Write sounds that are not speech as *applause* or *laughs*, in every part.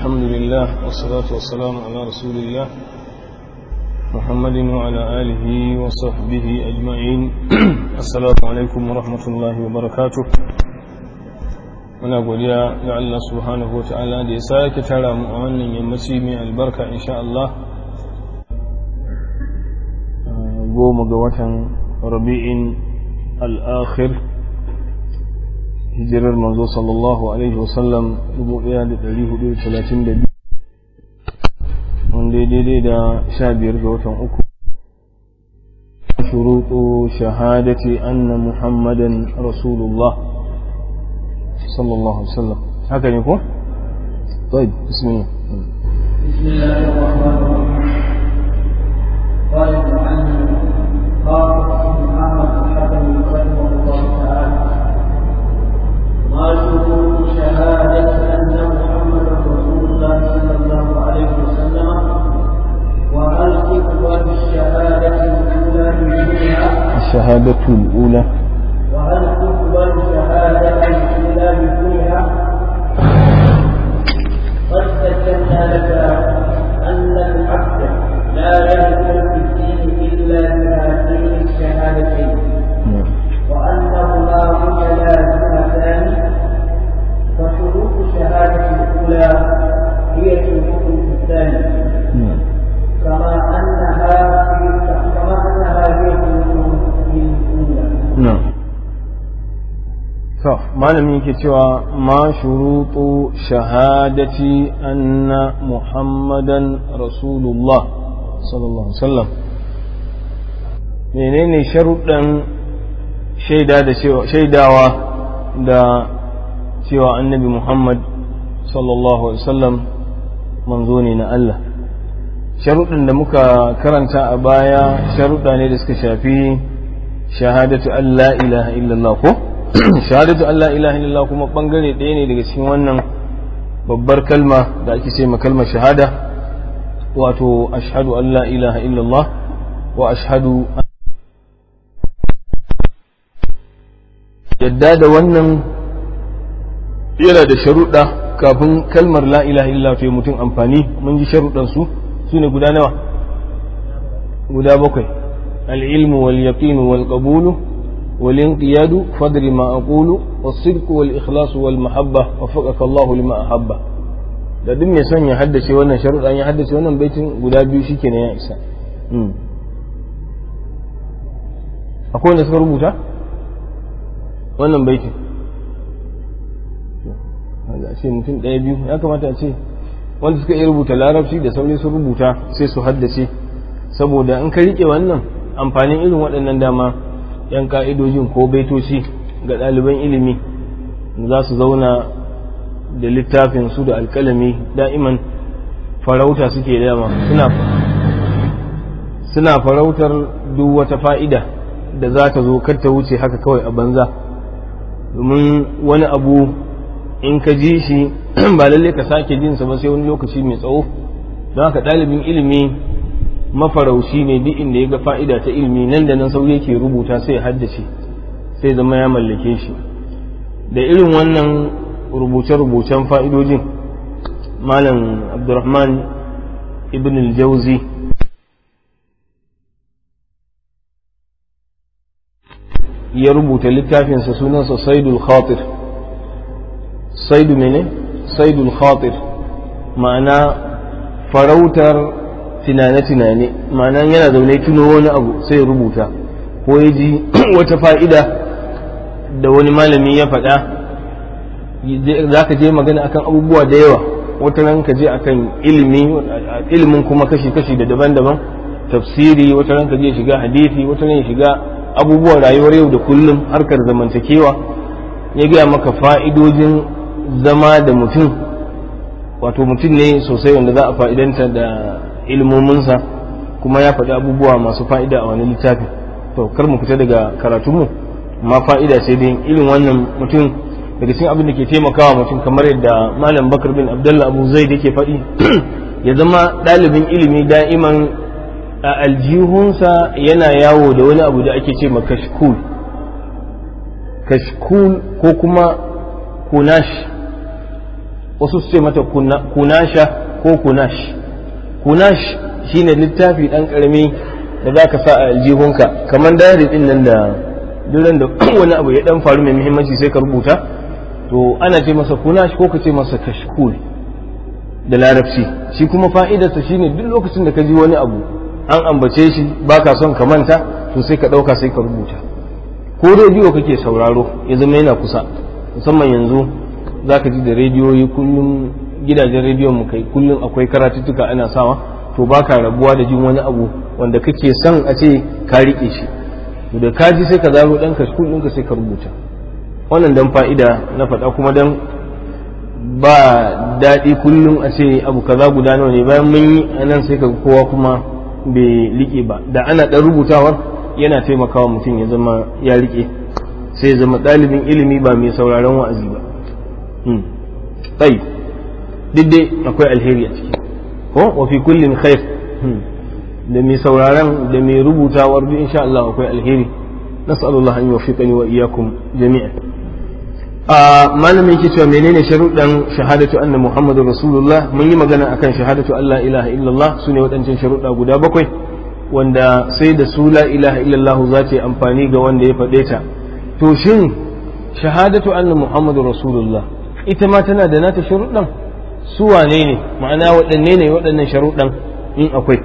الحمد لله والصلاة والسلام على رسول الله محمد وعلى آله وصحبه أجمعين السلام عليكم ورحمة الله وبركاته muna godiya ga Allah subhanahu wa ta'ala da ya sake tara mu a wannan yammaci mai albarka insha Allah goma ga watan rabi'in al'akhir hijirar manzo sallallahu alaihi wasallam 1432 wanda daidai da 15 ga watan uku shuruɗu shahadati anna muhammadan rasulullah sallallahu wasallam haka ne ko? طيب بسم الله بسم الله الرحمن الرحيم قال سبحانه الشهادة الأولى وهل تقبل الشهادة الأولى بكلها قد تكلم لك to malamin yake cewa ma shurutu shahadati anna muhammadan rasulullah sallallahu alaihi wasallam menene sharuɗan shaidawa da cewa annabi muhammad sallallahu alaihi wasallam manzo ne na Allah sharuɗin da muka karanta a baya sharuɗa ne da suka shafi shahadatu an la ilaha illallah ko *coughs* shahadatu Allah ilaha illallah kuma bangare ɗaya ne daga cikin wannan babbar kalma da ake ce kalmar shahada wato ashhadu an la ilaha illallah wa ashhadu yadda da wannan yana da sharuɗa kafin kalmar la ilaha illallah ta mutum amfani mun ji sharuɗan su su ne guda nawa guda bakwai al'ilmu wal yaqinu wal qabulu والانقياد فدر ما أقول والصدق والإخلاص والمحبة وفقك الله لما أحبه da duk mai son ya haddace wannan sharuɗan ya haddace wannan baitin guda biyu shi kenan ya isa hmm. akwai wanda suka rubuta wannan baitin a ce mutum ɗaya biyu ya kamata a ce wanda suka iya rubuta larabci da sauri su rubuta sai su haddace saboda in ka riƙe wannan amfanin irin waɗannan dama 'yan ka'idojin ko baitoci ga ɗaliban ilimi za su zauna da littafin su da alkalami da'iman farauta suke dama suna farautar duk wata fa'ida da za ta zo kar ta wuce haka kawai a banza domin wani abu in ka ji shi *clears throat* ba lalle ka sake jinsa ba sai wani lokaci mai tsawo don haka ɗalibin ilimi mafarauci ne duk inda ya ga fa'ida ta ilmi nan da nan sau yake rubuta sai haddace sai zama ya mallake shi da irin wannan rubuce-rubucen fa'idojin malam abdurrahman ibn al-jauzi ya rubuta littafinsa sunansa saidul khatir saidu ne saidul khatir ma'ana farautar tunane-tunane ma'ana yana zaune tuno wani abu sai rubuta ko ya ji *clears throat* wata fa'ida da wani malami ya faɗa za ka je magana akan abubuwa da yawa wata ran ka je akan ilimin kuma kashi-kashi da daban-daban tafsiri wata ran ka je shiga hadisi wata ran shiga abubuwan rayuwar yau da kullum harkar zamantakewa ya gaya maka fa'idojin zama da mutum wato mutum ne sosai wanda za a fa'idanta da ilmominsa kuma ya faɗi abubuwa masu fa'ida a wani littafi to kar mu fita daga karatunmu ma fa'ida sai dai irin wannan mutum daga cikin abin da ke taimakawa mutum kamar yadda malam bakar bin abdullah abu zai da ke faɗi *clears throat* ya zama ɗalibin ilimi da'iman a aljihunsa yana yawo da wani abu da ake ce ma kashkul kashkul ko kuma kunash wasu su ce mata kunasha ko kunash kunash shine littafi dan karami da zaka sa a aljihunka kamar diary din nan da duran da *clears throat* wani abu ya dan faru mai muhimmanci sai ka rubuta to ana ce masa kunash ko ka ce masa kashkul da larabci shi kuma fa'idarsa shine duk lokacin da ka ji wani abu an ambace shi baka son ka manta to sai ka dauka sai ka rubuta ko rediyo kake sauraro ya zama yana kusa musamman yanzu zaka ji da rediyoyi kullum gidajen rediyon mu kai kullum akwai karatuttuka ana sawa to baka rabuwa da jin wani abu wanda kake son a ce ka rike shi to da ka ji sai ka zaro dan ka ɗinka sai ka rubuta wannan dan fa'ida na faɗa kuma dan ba daɗi kullum a ce abu kaza guda nawa ne bayan mun yi anan sai ka kowa kuma bai riƙe ba da ana ɗan rubutawar yana taimakawa mutum ya zama ya riƙe sai ya zama ɗalibin ilimi ba mai sauraron wa'azi ba. Hmm. Daidai akwai alheri a ciki ko wa fi kullin khair hmm. da mai sauraron da mai rubuta wardu insha Allah akwai alheri nas'alullah an yuwaffiqani wa iyyakum jami'an malamin yake cewa menene sharuɗan shahadatu anna muhammadur rasulullah mun yi magana akan shahadatu Allah ilaha illallah sune waɗancan sharuɗa guda bakwai wanda sai da su la ilaha illallah za ta yi amfani ga wanda ya faɗe ta to shin shahadatu anna muhammadur rasulullah ita ma tana da nata sharuɗan su wane ne ma'ana waɗanne ne waɗannan sharuɗan in akwai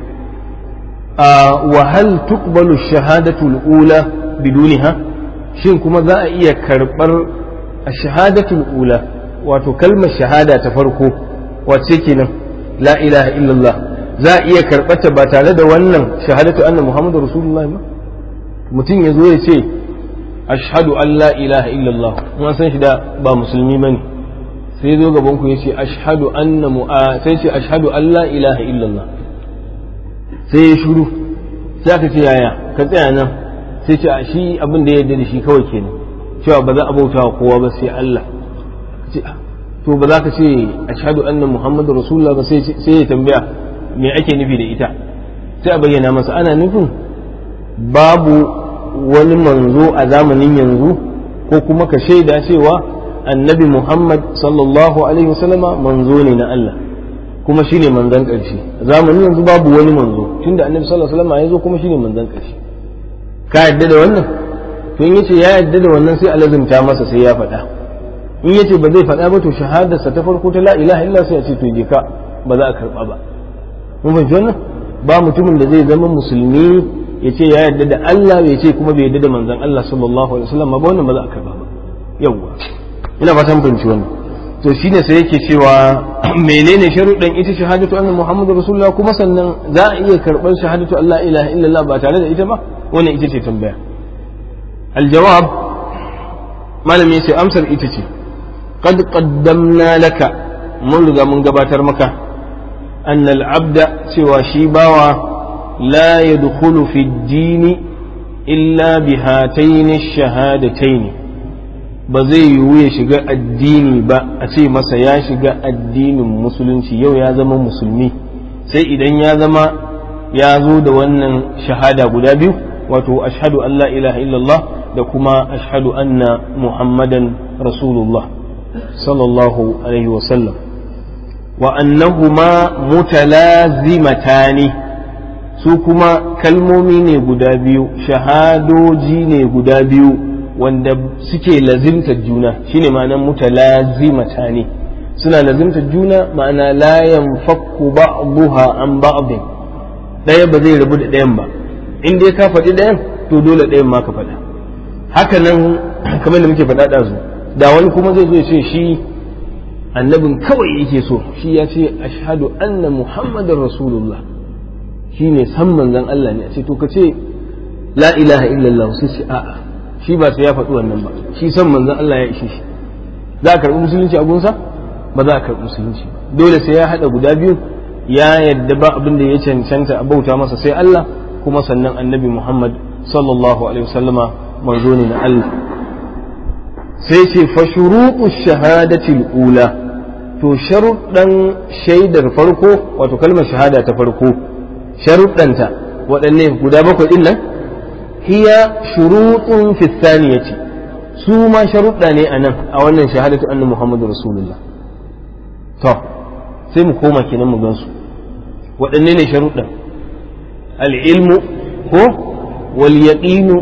a wahal tuqbalu shahadatu al-ula biduniha shin kuma za a iya karɓar shahadatu ula wato kalmar shahada ta farko wace kenan la ilaha illallah za a iya karɓata ba tare da wannan shahadatu anna muhammadu rasulullahi ba mutum ya zo ya ce ashhadu an la ilaha illallah mun san shi da ba musulmi bane sai zo gaban ku yace ashhadu anna mu'a sai ce ashhadu an la ilaha illallah sai ya shuru sai aka ce yaya ka tsaya nan sai ce shi abin da ya yarda da shi kawai kenan cewa ba za a bauta wa kowa ba sai Allah ah, to ba za ka ce ashhadu anna muhammadu rasulullah ba sai ya tambaya me ake nufi da ita sai a bayyana masa ana nufin babu wani manzo a zamanin yanzu ko kuma ka shaida cewa annabi Muhammad sallallahu alaihi wasallama manzo ne na Allah kuma shi ne manzan ƙarshe zamanin yanzu babu wani manzo tunda annabi sallallahu alaihi wasallama ya zo kuma shi ne manzan ƙarshe ka yadda da wannan to in ce ya yadda da wannan sai alazumta masa sai ya faɗa in ya ce ba zai faɗa ba to shahadarsa ta farko ta la illa sai a ce to je ka ba za a karɓa ba mun fahimci wannan ba mutumin da zai zama musulmi ya ce ya yadda da Allah ya ce kuma bai yadda da manzan Allah sallallahu alaihi wasallam ba wannan ba za a karɓa ba yawwa ina fatan binci wani. to shi ne sai yake cewa *clears throat* menene sharuɗan ita shahadatu anna muhammadu rasulullah kuma sannan za a iya karɓar shahadatu allah ilaha illallah ba tare da ita ba wannan ita ce tambaya aljawab malam ya amsar ita ce qad qaddamna laka mun riga mun gabatar maka anna al'abda cewa shi bawa la yadkhulu fi ad illa bi na shahadatai ne. ba zai yiwu ya shiga addini ba a ce masa ya shiga addinin musulunci yau ya zama musulmi sai idan ya zama ya zo da wannan shahada guda biyu wato ashadu Allah ilaha illallah da kuma ashadu anna muhammadan rasulullah sallallahu alaihi wasallam wa annahuma mutalazimatani su kuma kalmomi ne guda biyu shahadoji ne guda biyu wanda suke lazimtar juna shine ma'anar mutalazimata ne suna lazimtar juna ma'ana la yanfakku ba'daha an ba'din ɗaya ba zai rabu da ɗayan ba in dai ka faɗi ɗayan to dole ɗayan ma ka faɗa haka nan *clears throat* kamar da muke faɗa ɗazu da wani kuma zai zo ya ce shi annabin kawai yake so shi ya ce ashhadu anna muhammadar rasulullah shi ne san manzan Allah ne a ce to ka ce la ilaha illallah sai ce a'a shi ba sai ya faɗi wannan ba shi san manzon Allah ya ishe shi za a karɓi musulunci a gunsa ba za karɓi musulunci dole sai ya haɗa guda biyu ya yadda ba abin da ya cancanta a bauta masa sai Allah kuma sannan annabi Muhammad sallallahu alaihi wasallama manzo ne na Allah sai ce fa shuruqu shahadati ula to sharuɗan shaidar farko wato kalmar shahada ta farko sharuɗanta waɗanne guda bakwai din nan hiya shuruɗun fissaniya ce su ma sharuɗa ne a nan a wannan shahadatu anna muhammadu rasulullah to sai mu koma kenan mu gansu waɗanne ne sharuɗa al-ilmu ko wal yaqinu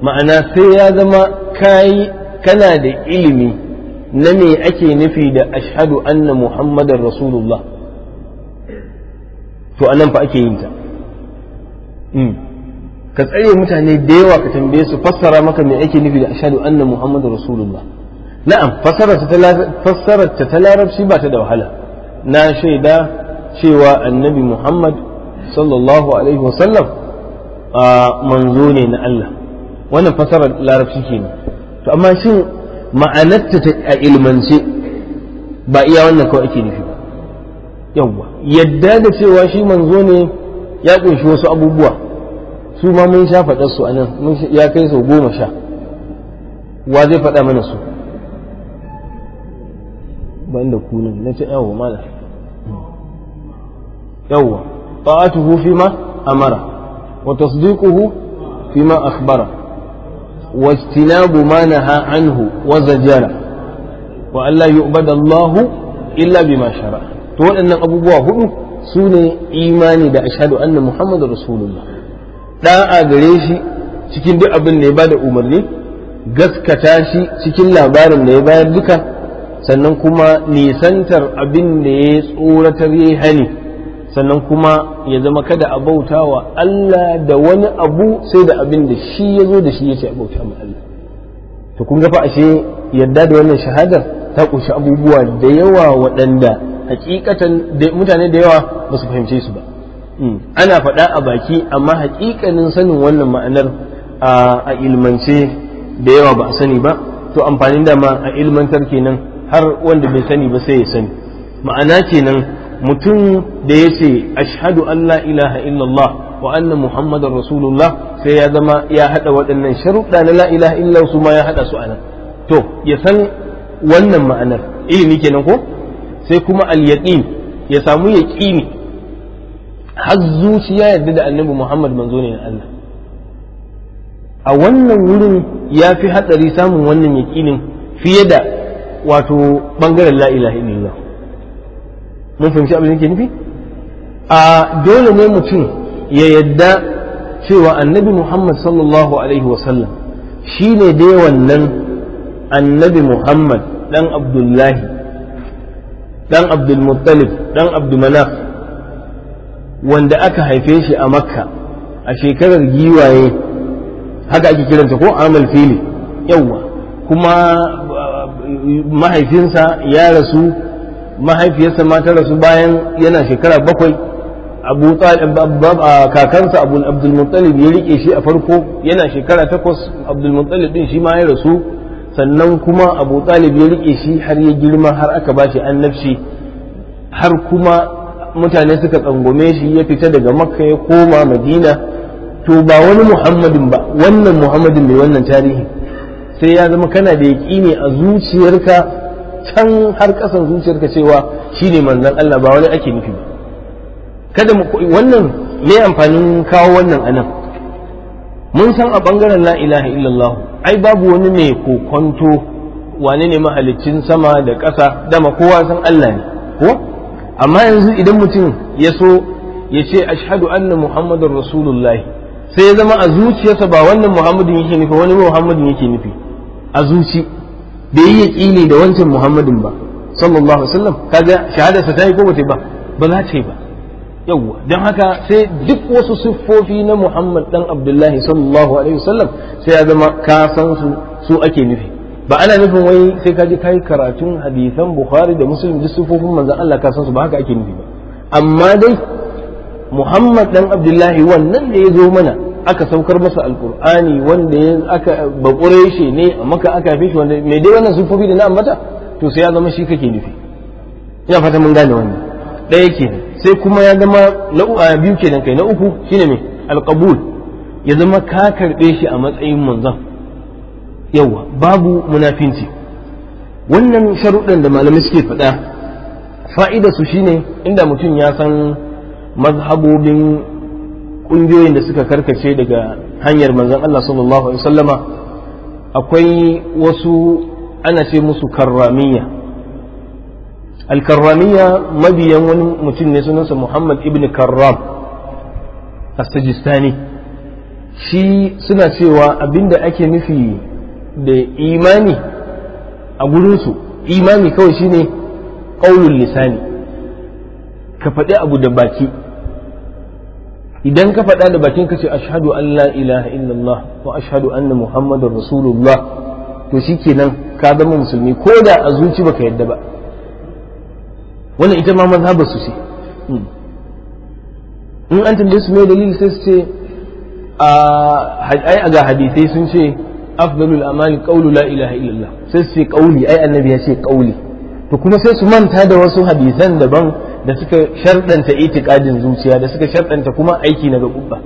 ma'ana sai ya zama kai kana da ilimi na me ake nufi da ashadu anna muhammadar rasulullah to anan fa ake yin ta hmm. ka tsare mutane da yawa ka tambaye su fassara maka me ake nufi da ashhadu anna Muhammadu rasulullah na'am fassarar ta ta larabci ba ta da wahala na shaida cewa annabi muhammad sallallahu alaihi wasallam a manzo ne na Allah wannan fassarar larabci kenan to amma shin ma'anarta a ilmance ba iya wannan kawai ake nufi ba yawwa yadda da cewa shi manzo ne ya kunshi wasu abubuwa su ma mun sha faɗar su anan mun ya kai sau goma sha wa zai faɗa mana su ban da kunan na ce yawo mala Yawa, ta'atuhu fi ma amara wa tasdiquhu fi ma akhbara wa ijtinabu ma naha anhu wa zajara wa Allah yu'bada Allahu illa bima shara to waɗannan abubuwa hudu su ne imani da ashhadu anna muhammadar rasulullah da'a gare shi cikin duk abin da ya bada umarni gaskata shi cikin labarin da ya bayar duka sannan kuma nisantar abin da ya tsoratar ya hani sannan kuma ya zama kada a bauta wa Allah da wani abu sai da abin da shi ya zo da shi ya ce a bauta ma Allah to kun ga fa ashe yadda da wannan shahadar ta kunshi abubuwa da yawa waɗanda hakikatan mutane da yawa ba su fahimce su ba ana faɗa a baki amma haƙiƙanin sanin wannan ma'anar a ilmance da yawa ba a sani ba to amfanin dama a ilmantar kenan har wanda bai sani ba sai ya sani ma'ana kenan mutum da ya ce ashhadu an la ilaha illallah wa anna muhammadar rasulullah sai ya zama ya haɗa waɗannan sharuɗa na la ilaha illallah su ma ya haɗa su anan to ya san wannan ma'anar ilimi kenan ko sai kuma al ya samu yaqini har zuciya yadda da annabi Muhammad manzo ne na Allah a wannan wurin ya fi hatsari samun wannan yaƙinin fiye da wato bangaren la ilaha illallah mun fahimci abin da ke nufi a dole ne mutum ya yadda cewa annabi Muhammad sallallahu alaihi wasallam shi ne dai wannan annabi Muhammad dan Abdullahi ɗan Abdulmuttalib ɗan Abdulmanaf wanda aka haife shi a makka a shekarar giwaye haka ake kiranta ko amal fili yawwa kuma uh, mahaifinsa ya rasu mahaifiyarsa ma ta rasu bayan yana shekara bakwai abu uh, kakansa abu abdulmuttalib ya rike shi a farko yana shekara takwas abdulmuttalib din shi ma ya rasu sannan kuma abu talib ya rike shi har ya girma har aka bashi annabci har kuma mutane suka tsangwame shi ya fita daga makka ya koma madina to ba wani muhammadin ba wannan muhammadin mai wannan tarihi sai ya zama kana da ne a zuciyarka can har ƙasan zuciyarka cewa shi ne manzan Allah ba wani ake nufi ba kada wannan me amfanin kawo wannan anan mun san a bangaren la ilaha illallah ai babu wani mai kokonto wane ne mahaliccin sama da ƙasa dama kowa san Allah ne ko amma yanzu idan mutum ya so ya ce ashhadu anna muhammadun rasulullahi sai ya zama a zuciyarsa ba wannan muhammadin yake nufi wani muhammadin yake nufi a zuci bai yi yaƙini da wancan muhammadin ba sallallahu alaihi wasallam kaga shahadarsa ta yi ko bata ba ba za ta yi ba yawwa don haka sai duk wasu siffofi na muhammad dan abdullahi sallallahu alaihi wasallam sai ya zama ka san su su ake nufi ba ana nufin wai sai ka ji kai karatun hadisan bukhari da muslim duk sufofin manzon Allah ka san su ba haka ake nufi ba amma dai muhammad dan abdullahi wannan da ya zo mana aka saukar masa alkur'ani wanda ya aka bakure shi ne maka aka fi shi wanda me dai wannan sufofi da na ambata to sai ya zama shi kake nufi ina fata mun gane wannan ɗaya kenan sai kuma ya zama na biyu kenan kai na uku shine me alqabul ya zama ka karbe shi a matsayin manzon yawa babu munafinci wannan sharuɗan da malamai suke faɗa fa'ida su shine inda mutum ya san mazhabobin ƙungiyoyin da suka karkace daga hanyar manzan Allah sallallahu alaihi wasallama akwai wasu ana ce musu karramiya alkarramiya mabiyan wani mutum ne sunansa muhammad ibn karram a sajistani shi suna cewa abinda ake nufi da imani a gurinsu imani kawai shine ƙaunin lisani ka faɗi abu da baki idan ka faɗa da bakin ka ce ashhadu an la ilaha illallah wa ashhadu anna muhammadar rasulullah to shikenan ka zama musulmi ko da a zuci baka yadda ba wannan ita ma mazhabar su ce hmm. in an tambaye su mai dalili sai su ce ah, a ga hadisai sun ce afdalul amali qawlu la ilaha illallah sai su kauli ai annabi ya ce kauli to kuma sai su manta da wasu hadisan daban da suka shardanta itikadin zuciya da suka shardanta kuma aiki na gaba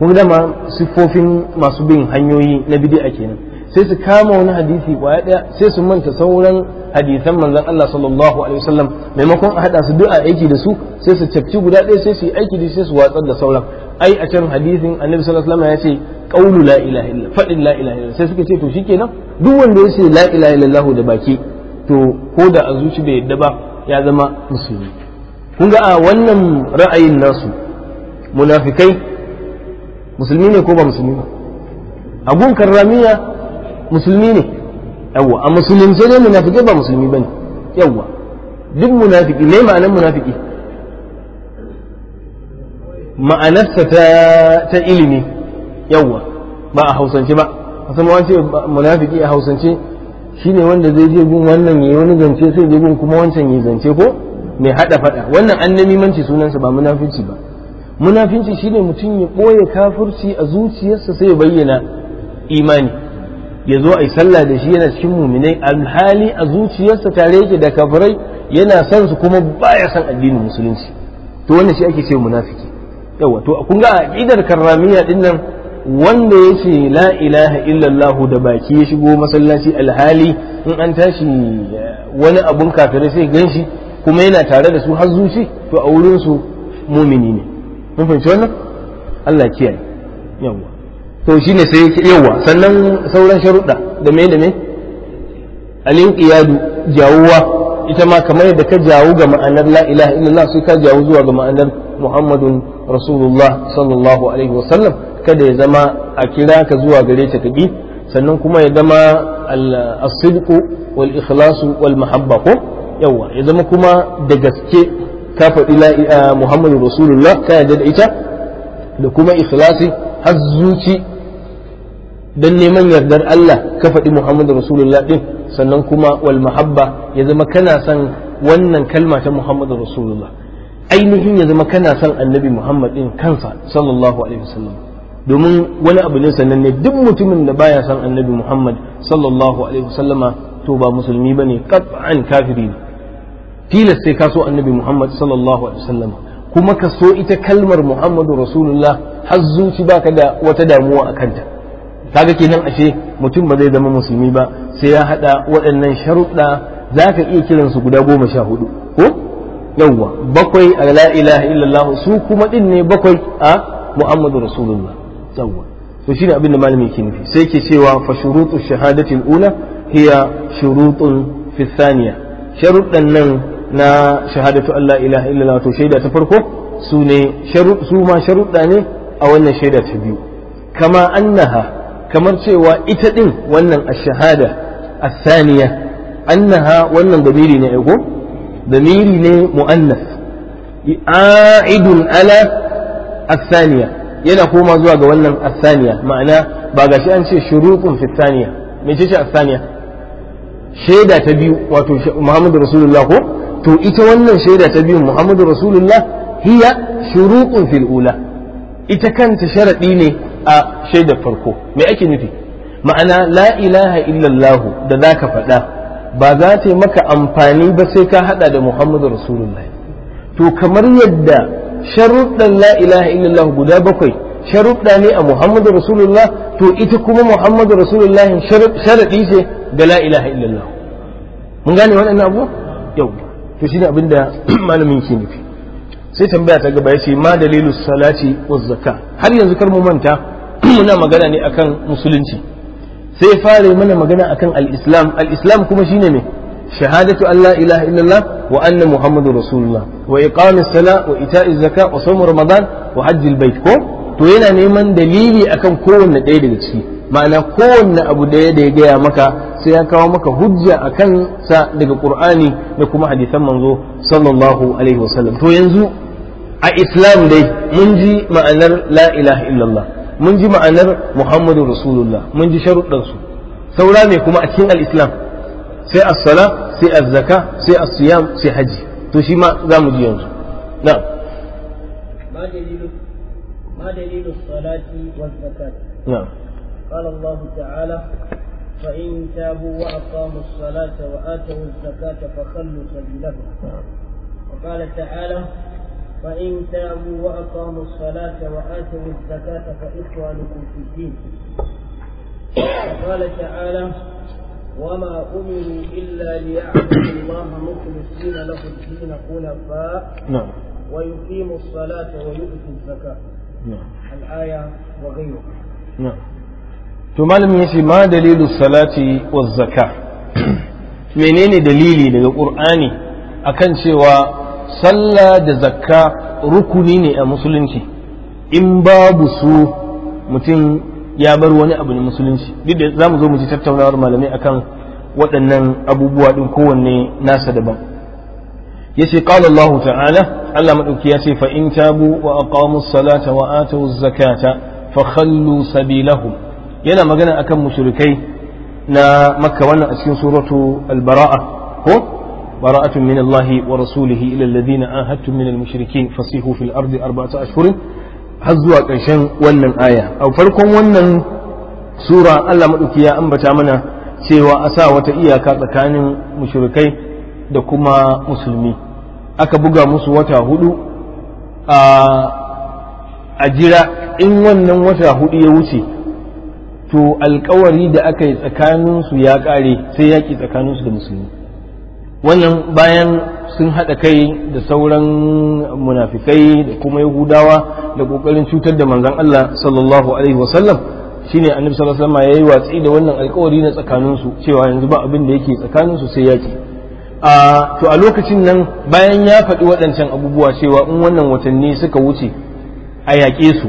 kun dama siffofin masu bin hanyoyi na bid'a kenan sai su kama wani hadisi kwaya daya sai su manta sauran hadisan manzon Allah sallallahu alaihi wasallam maimakon a hada su duk a aiki da su sai su cafci guda ɗaya sai su yi aiki da sai su watsar da sauran ai a can hadisin annabi sallallahu alaihi wasallam ya ce qawlu la ilaha illa fadin la ilaha illa sai suka ce to shikenan duk wanda ya ce la ilaha illallah da baki to ko da a zuci bai yadda ba ya zama musulmi kun ga a wannan ra'ayin nasu munafikai musulmi ne ko ba musulmi ba a gun karramiya musulmi ne yawwa a musulunce ne munafikai ba musulmi bane yawwa duk munafiki me ma'anar munafiki ma'anarsa ta ilimi yawwa ba a hausance ba musamman wance munafiki a hausance shine wanda zai je gun wannan yayi wani zance sai je gun kuma wancan yayi zance ko mai hada fada wannan annamimanci sunansa ba munafici ba munafinci shine mutum ya ɓoye kafurci a zuciyarsa sai ya bayyana imani ya zo a yi sallah da shi yana cikin muminai alhali a zuciyarsa tare yake da kafirai yana son su kuma baya son addinin musulunci to wannan shi ake ce munafiki yawa to kun ga a idar karramiya din nan wanda ya ce la ilaha illallah da baki ya shigo masallaci alhali in an tashi eh, wani abun kafire sai gan shi kuma yana tare da su har zuci to a wurin su ne mun fahimci wannan Allah kiyaye yawa to shine sai yawa sannan sauran sharuɗa da me da me alin inqiyadu jawuwa ita ma kamar yadda ka jawo ga ma'anar la ilaha illallah sai ka jawo zuwa ga ma'anar muhammadun rasulullah sallallahu alaihi wasallam kada ya zama a kira ka zuwa gare ta kaɗi sannan kuma ya zama al-sidqu wal ikhlasu wal mahabba ko yawa ya zama kuma da gaske ka faɗi la ah, muhammadu rasulullah ka yarda da ita da kuma ikhlasi har zuci dan neman yardar Allah ka faɗi muhammadu rasulullah din sannan kuma wal mahabba ya zama kana son wannan kalma ta muhammadu rasulullah ainihin ya zama kana son annabi muhammad din kansa sallallahu alaihi wasallam domin wani abu ne sannan ne duk mutumin da baya san annabi Muhammad sallallahu alaihi wasallama to ba musulmi bane qat'an kafiri ne tilas sai ka so annabi Muhammad sallallahu alaihi wasallama kuma ka so ita kalmar Muhammadu Rasulullah har zuci baka da wata damuwa a kanta kaga kenan ashe mutum ba zai zama musulmi ba sai ya hada waɗannan sharuɗa zaka iya kiransu guda goma sha hudu ko yawwa bakwai a la ilaha illallah su kuma din ne bakwai a ah, Muhammadu Rasulullah yawwa to shine abin da malami yake nufi sai yake cewa fa shurutu shahadati ula hiya shurutun fi thaniya nan na shahadatu Allah ilaha illallah to shaida ta farko su ne su ma sharuɗa ne a wannan shaida ta biyu kama annaha kamar cewa ita din wannan ash-shahada annaha wannan damiri ne ego damiri ne mu'annas a'idun ala as yana koma zuwa ga wannan asaniya ma'ana ba gashi an ce shuruqun fi me ce asaniya shaida ta biyu wato Muhammadu Rasulullah ko to ita wannan shaida ta biyu Muhammadu Rasulullah hiya shuruqun fil ula ita kanta sharadi ne a shaidar farko me ake nufi ma'ana la ilaha illallah da zaka faɗa ba za ta yi maka amfani ba sai ka hada da Muhammadu Rasulullah to kamar yadda sharuɗan la ilaha illallah guda bakwai sharuɗa ne a muhammadu rasulullah to ita kuma muhammadu rasulullah sharaɗi ce ga la ilaha illallah mun gane waɗannan abu yau to shine abin da *clears throat* malamin ke nufi sai tambaya ta gaba yace ma dalilu salati wa zakka har yanzu kar mu manta *clears throat* muna magana ne akan musulunci sai fare mana magana akan al-islam al-islam kuma shine me shahadatu an ilaha illallah وأن محمد رسول الله وإقام الصلاة وإيتاء الزكاة وصوم رمضان وحج البيت ko. to yana neman dalili akan kowanne ɗaya daga ciki ma'ana kowanne abu ɗaya da ya gaya maka sai ya kawo maka hujja a kansa daga ƙur'ani da kuma hadisan manzo sallallahu alaihi wasallam to yanzu a islam dai mun ji ma'anar la ilaha illallah mun ji ma'anar muhammadu rasulullah mun ji sharuɗansu saura ne kuma a cikin al-islam sai الصلاة sala الزكاة az الصيام sai حج siyam sai haji to shi ma ما دليل ji yanzu na'am ma dalilu ma dalilu فإن تابوا وأقاموا الصلاة وآتوا الزكاة فخلوا سبيلهم نعم. وقال تعالى فإن تابوا وأقاموا الصلاة وآتوا الزكاة فإخوانكم في الدين وقال تعالى وما أمروا إلا ليعبدوا الله مخلصين له الدين حنفاء نعم ويقيموا الصلاة ويؤتوا الزكاة نعم الآية وغيرها نعم to malamin ya ce ma dalilu salati wa menene dalili daga ƙur'ani akan cewa sallah da zakka rukuni ne a musulunci in babu su mutum ya bar wani abu na musulunci duk da zamu zo mu ji tattaunawar malamai akan waɗannan abubuwa ɗin kowanne nasa daban ya ce Allah ta'ala Allah maɗauki ya ce fa'in tabu wa aqamu salata wa atu zakata fa khallu sabilahum yana magana akan mushrikai na makka wannan a cikin suratu al-bara'a ko bara'atun min Allah wa rasulihi ila alladhina ahadtum min al-mushrikin fasihu fil ardi arba'ata ashhurin har zuwa ƙarshen wannan aya a farkon wannan sura Allah maɗauki ya ambata mana cewa a sa wata iyaka tsakanin mushrikai da kuma musulmi aka buga musu wata hudu a jira in wannan wata hudu ya wuce to alkawari da aka yi tsakaninsu ya ƙare sai yaƙi tsakaninsu da musulmi wannan bayan sun haɗa kai da sauran munafikai da kuma yahudawa da ƙoƙarin cutar da manzan Allah sallallahu alaihi wasallam shine annabi sallallahu alaihi wasallam yayi watsi da wannan alƙawari na tsakaninsu cewa yanzu ba abin da yake tsakanin su sai yaki a to a lokacin nan bayan ya faɗi waɗancan abubuwa cewa in wannan watanni suka wuce a yaƙe su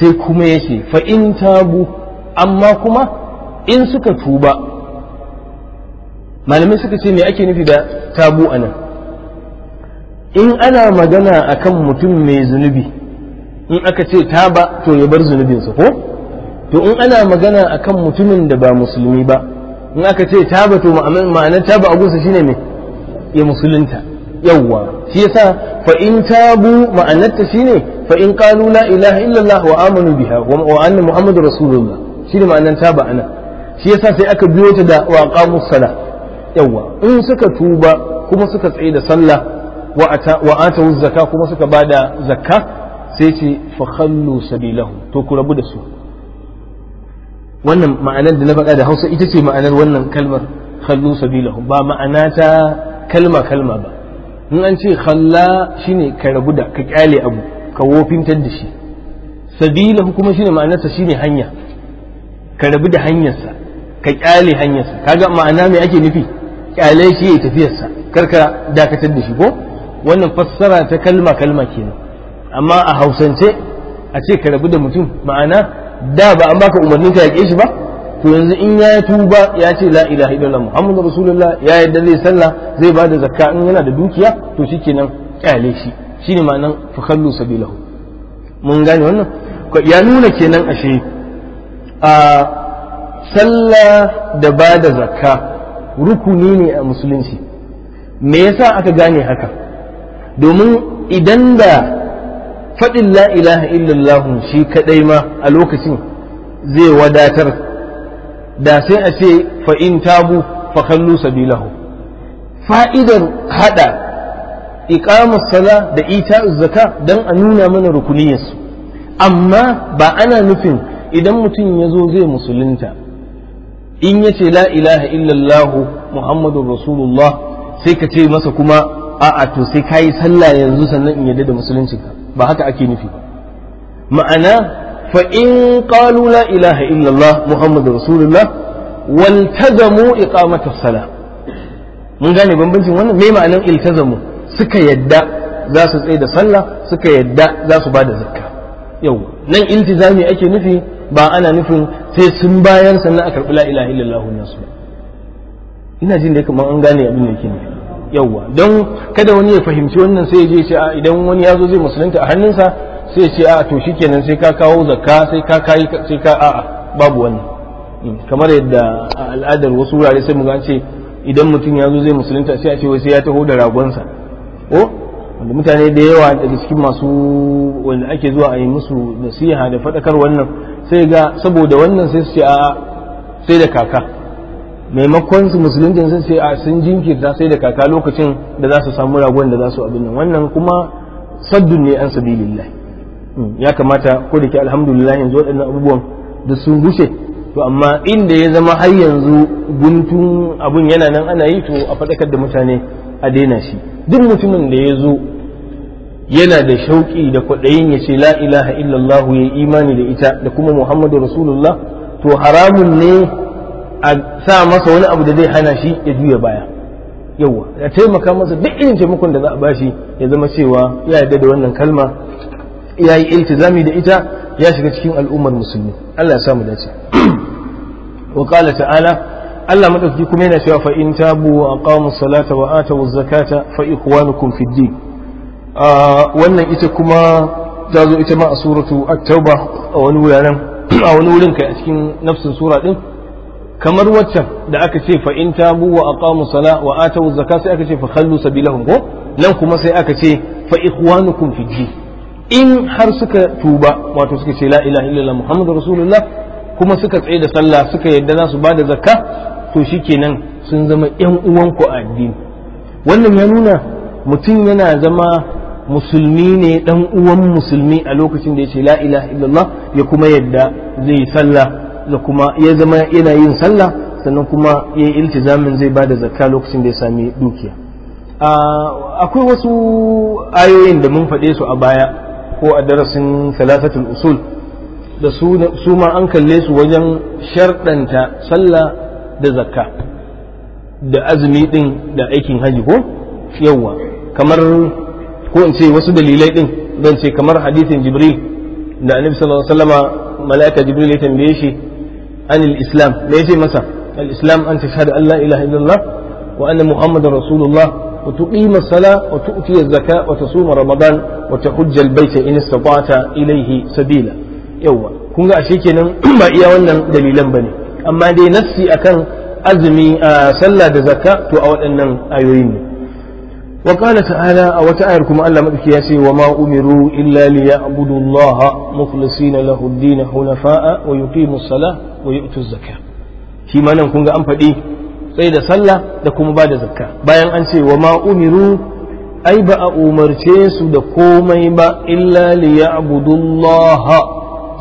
sai kuma yace fa in tabu amma kuma in suka tuba malamai suka ce me ake nufi da tabu a nan in ana magana akan mutum mai zunubi in aka ce taba to ya bar zunubinsa ko to in ana magana akan mutumin da ba musulmi ba in aka ce taba to ma'anar taba a gusa shine ne ya musulunta yawwa shi yasa fa in tabu ma'anarta shine fa in qalu la ilaha illallah wa amanu biha wa anna muhammadur rasulullah shine ma'anar taba ana shi yasa sai aka biyo ta da wa qamus salah yawa in suka tuba kuma suka tsaye da sallah wa atawu zakka kuma suka bada zakka sai ce fa khallu sabilahu to ku rabu da su wannan ma'anar da na faɗa da Hausa ita ce ma'anar wannan kalmar khallu sabilahu ba ma'ana ta kalma kalma ba in an ce khalla shine ka rabu da ka kyale abu ka wofintar da shi sabilahu kuma shine ma'anarsa shine hanya ka rabu da hanyarsa ka kyale hanyarsa kaga ma'ana me ake nufi kyale shi ya tafiyarsa karka dakatar da shi ko wannan fassara ta kalma kalma kenan amma a hausance a ce ka rabu da mutum ma'ana da ba an baka umarnin ka yaƙe shi ba to yanzu in ya tuba ya ce la ilaha illallah muhammadu rasulullah ya yadda zai sallah zai bada zakka in yana da dukiya to shikenan kyale shi shine ma'anan fakhallu sabilahu mun gane wannan ya nuna kenan ashe a sallah da ba da zakka rukuni ne a musulunci me yasa aka gane haka domin idan da faɗin la ilaha illallah shi kadai ma a lokacin zai wadatar da sai a ce fa'in tabu fa kallu sabilahu fa'idar haɗa iqamus sala da ita zaka dan a nuna mana rukuniyarsu amma ba ana nufin idan mutum ya zo zai musulunta in ya ce la ilaha illallah muhammadun rasulullah sai ka ce masa kuma a'a to sai ka yi sallah yanzu sannan in yadda da musuluncinka ba haka ake nufi ma'ana fa in qalu la ilaha illallah muhammadun rasulullah waltazamu iqamata salah mun gane bambancin wannan me ma'anar iltazamu suka yadda za su tsaye da sallah suka yadda za su ba da zakka yau nan iltizami ake nufi ba ana nufin sai sun bayan sannan a karɓi la'ila illallah nasu ina jin da kamar an gane abin da yake ne yawwa don kada wani ya fahimci wannan sai je ce a idan wani ya zo zai musulunta a hannunsa sai ya ce a to shikenan sai ka kawo zakka sai ka kai sai ka a'a babu wannan hmm. kamar yadda a al'adar wasu wurare sai mu ce idan mutum ya zo zai musulunta sai a ce wai sai ya taho da ragonsa ko wanda mutane da yawa daga cikin masu wanda ake zuwa a yi musu nasiha da faɗakar wannan sai ga saboda wannan sai su ce a sai da kaka maimakon su musulunci sun ce a sun jinkirta sai da kaka lokacin da za su samu ragon da za su abin nan wannan kuma saddun ne an sabilillah hmm, ya kamata ko da ke alhamdulillah yanzu waɗannan abubuwan da sun rushe to amma inda ya zama har yanzu guntun abun yana nan ana yi to a faɗakar da mutane a daina shi duk mutumin da ya zo yana da shauƙi da kwaɗayin ya ce la ilaha illallah ya imani da ita da kuma muhammadu rasulullah to haramun ne a sa masa wani abu da zai hana shi ya juya baya yawa ya taimaka masa duk irin taimakon da za a bashi ya zama cewa ya yarda da wannan kalma ya yi iltizami da ita ya shiga cikin al'ummar musulmi Allah ya samu dace *clears throat* wa qala ta'ala Allah madaukaki kuma yana cewa fa in tabu wa aqamu salata wa atu zakata fa ikwanukum fid din wannan ita kuma ta zo ita ma a suratu at-tauba a wani wuraren *clears throat* a wani wurin kai a cikin nafsin sura din kamar waccan da aka ce fa in tabu wa aqamu sala wa atu zakka sai aka ce fa khallu sabilahum ko nan kuma sai aka ce fa ikhwanukum fi din in har suka tuba wato suka ce la ilaha illallah muhammadur rasulullah kuma suka tsaye da sallah suka yadda za su ba bada zakka to shikenan sun zama yan uwanku a addini wannan ya nuna mutum yana zama musulmi ne dan uwan musulmi a lokacin da ya ce la ilaha illallah ya kuma yadda zai sallah da kuma ya zama yana yin sallah sannan kuma ya yi iltizamin zai bada zakka lokacin da ya sami dukiya akwai wasu ayoyin da mun faɗe su a baya ko a darasin salatatul usul da su ma an kalle su wajen sharɗanta sallah da zakka da azumi ɗin da aikin haji ko yawwa kamar ko in ce wasu dalilai din zan ce kamar hadisin jibril da annabi sallallahu alaihi wasallama mala'ika jibril ya tambaye shi an islam me yace masa al-islam an tashhadu an la ilaha illallah wa anna muhammadar rasulullah وتقيم الصلاة وتؤتي الزكاة وتصوم رمضان وتحج البيت إن استطعت إليه سبيلا يوا kun ga ashe kenan *clears throat* ba iya wannan dalilan ba ne amma dai nassi akan azumi a ah, sallah da zakka to a waɗannan ayoyin ne wa qala ta'ala a wata ayar kuma Allah madaki ce wa ma umiru illa li ya'budu Allah mukhlisina lahu ad-din hunafa'a wa yuqimu as-salah wa yu'tu az-zakah kun ga an faɗi sai da sallah da kuma bada da zakka bayan an ce wa ma umiru ai ba a umarce su da komai ba illa li ya'budu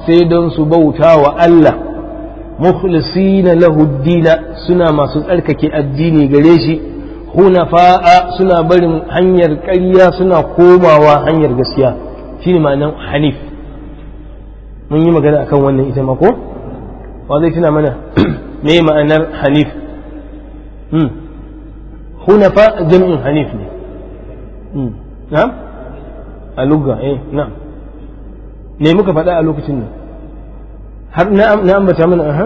sai don su bauta wa Allah mukhlisina lahu ad-din suna masu tsarkake addini gare shi hunafa'a suna barin hanyar ƙarya suna komawa hanyar gaskiya shi ne ma'anar hanif mun yi magana akan wannan ita ma ko wa zai tuna mana *clears throat* me ma'anar hanif hmm. hunafa jam'in hanif ne hmm. na'am a lugga eh na'am ne muka faɗa a lokacin nan har na ambata mana aha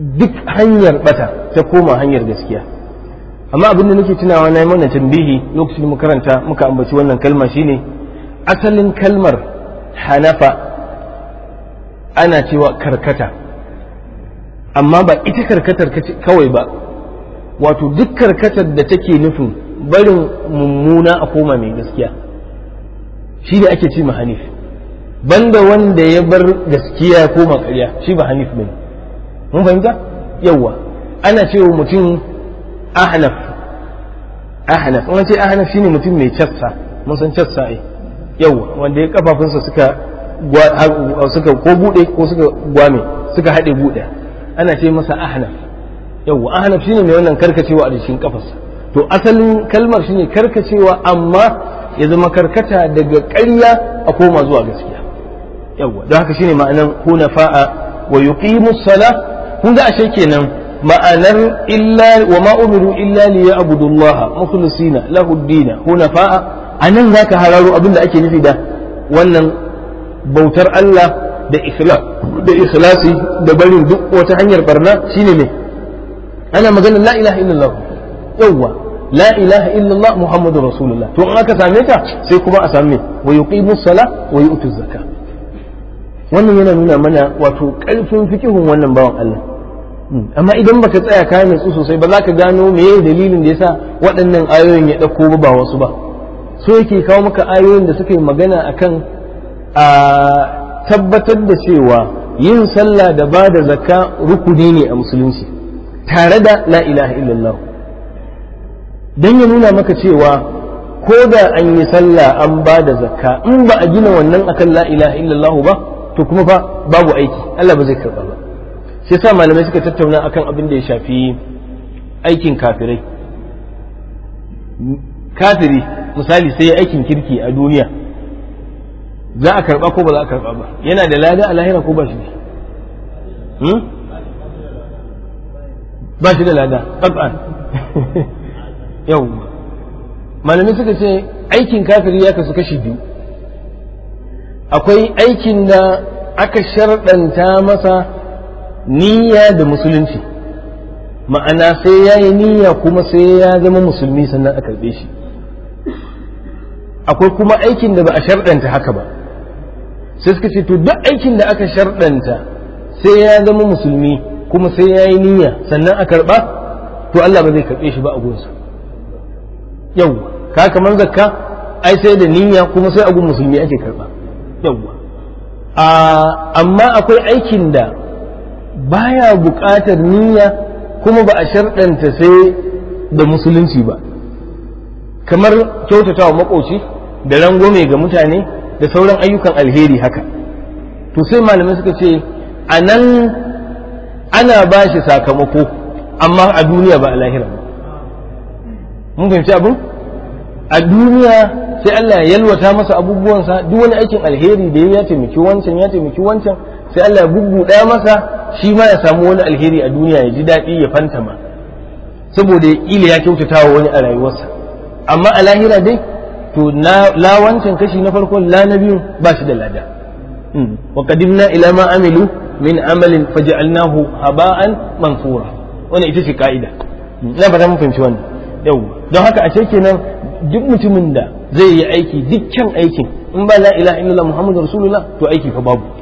duk hanyar bata ta koma hanyar gaskiya amma abin da nake tunawa na yi mana tambihi lokacin mu karanta muka ambaci wannan kalma shine asalin kalmar hanafa ana cewa karkata amma ba ita karkatar kawai ba wato duk karkatar da take nufin barin mummuna a koma mai gaskiya shi da ake ce ma hanif banda wanda ya bar gaskiya ya koma karya shi ba hanif bane mun fahimta yawwa ana cewa mutum ahnaf ahnaf wani ce ahnaf shine mutum mai cassa mun san cassa ai yawwa wanda ya kafafunsa suka suka ko bude ko suka gwame suka hade bude ana ce masa ahnaf yawwa ahnaf shine mai wannan karkacewa a jikin kafarsa to asalin kalmar shine karkacewa amma ya zama karkata daga ƙarya a koma zuwa gaskiya yawwa don haka shine ma'anan hunafa'a wa yuqimu sala kun ga ashe kenan ma'anar illa wa ma umiru illa li ya'budu Allah mukhlisina lahu ad-din hunafa'a anan zaka hararo abin da ake nufi da wannan bautar Allah da ikhlas da ikhlasi da barin duk wata hanyar barna shine ne ana magana la ilaha illallah yawwa la ilaha illallah muhammadur rasulullah to an aka same ta sai kuma a same wa yuqimus sala wa yu'tuz zakat wannan yana nuna mana wato ƙarfin fikihun wannan bawan Allah amma idan baka tsaya kayan nutsu sosai ba za ka gano meye dalilin da yasa waɗannan ayoyin ya ɗauko ba wasu ba so yake kawo maka ayoyin da suka yi magana akan a tabbatar da cewa yin sallah da ba da zakka rukuni ne a musulunci tare da la ilaha illallah dan ya nuna maka cewa ko da an yi sallah an ba da zakka in ba a gina wannan akan la ilaha illallah ba to kuma fa babu aiki Allah ba zai karɓa ba sai sa malamai suka tattauna akan abin da ya shafi aikin kafirai kafiri misali sai aikin kirki a duniya za a karba ko ba za a karba ba yana da lada a lahira ko ba shi ne? Hmm? ba shi da lada ƙas'an *laughs* yau malamai suka ce aikin kafiri ya kasu kashi biyu akwai aikin da aka sharɗanta masa niyya da musulunci ma'ana sai ya yi niyya kuma sai ya zama musulmi sannan a karɓe shi akwai kuma aikin da ba a sharɗanta haka ba sai suka ce to duk aikin da aka sharɗanta sai ya zama musulmi kuma sai ya yi niyya sannan a karɓa to Allah ba zai karɓe shi ba a gunsa yau ka kamar zakka ai sai da niyya kuma sai a gun musulmi ake karɓa yau. Ah, amma akwai aikin da baya buƙatar niyya kuma ba a sharɗanta sai da musulunci ba kamar kyautatawa makoci da rangwame ga mutane da sauran ayyukan alheri haka to sai malamai suka ce a nan ana ba shi sakamako amma a duniya ba a lahira ba mun fahimci abin a duniya sai Allah ya yalwata masa abubuwansa duk wani aikin alheri da ya taimaki wancan ya taimaki wancan sai Allah ya bubbuɗa masa shi ma ya samu wani alheri a duniya ya ji daɗi ya fantama saboda ila ya kyautata wa wani a rayuwarsa amma a lahira dai to lawancin kashi na farko la na biyu ba shi da lada hmm. wa qadimna ila ma amilu min amalin faj'alnahu haba'an mansura wannan ita ce ka'ida hmm. ina fata mun fahimci wannan yau don haka ashe kenan duk mutumin da zai yi aiki dukkan aikin in ba la ilaha illallah muhammadu rasulullah to aiki fa babu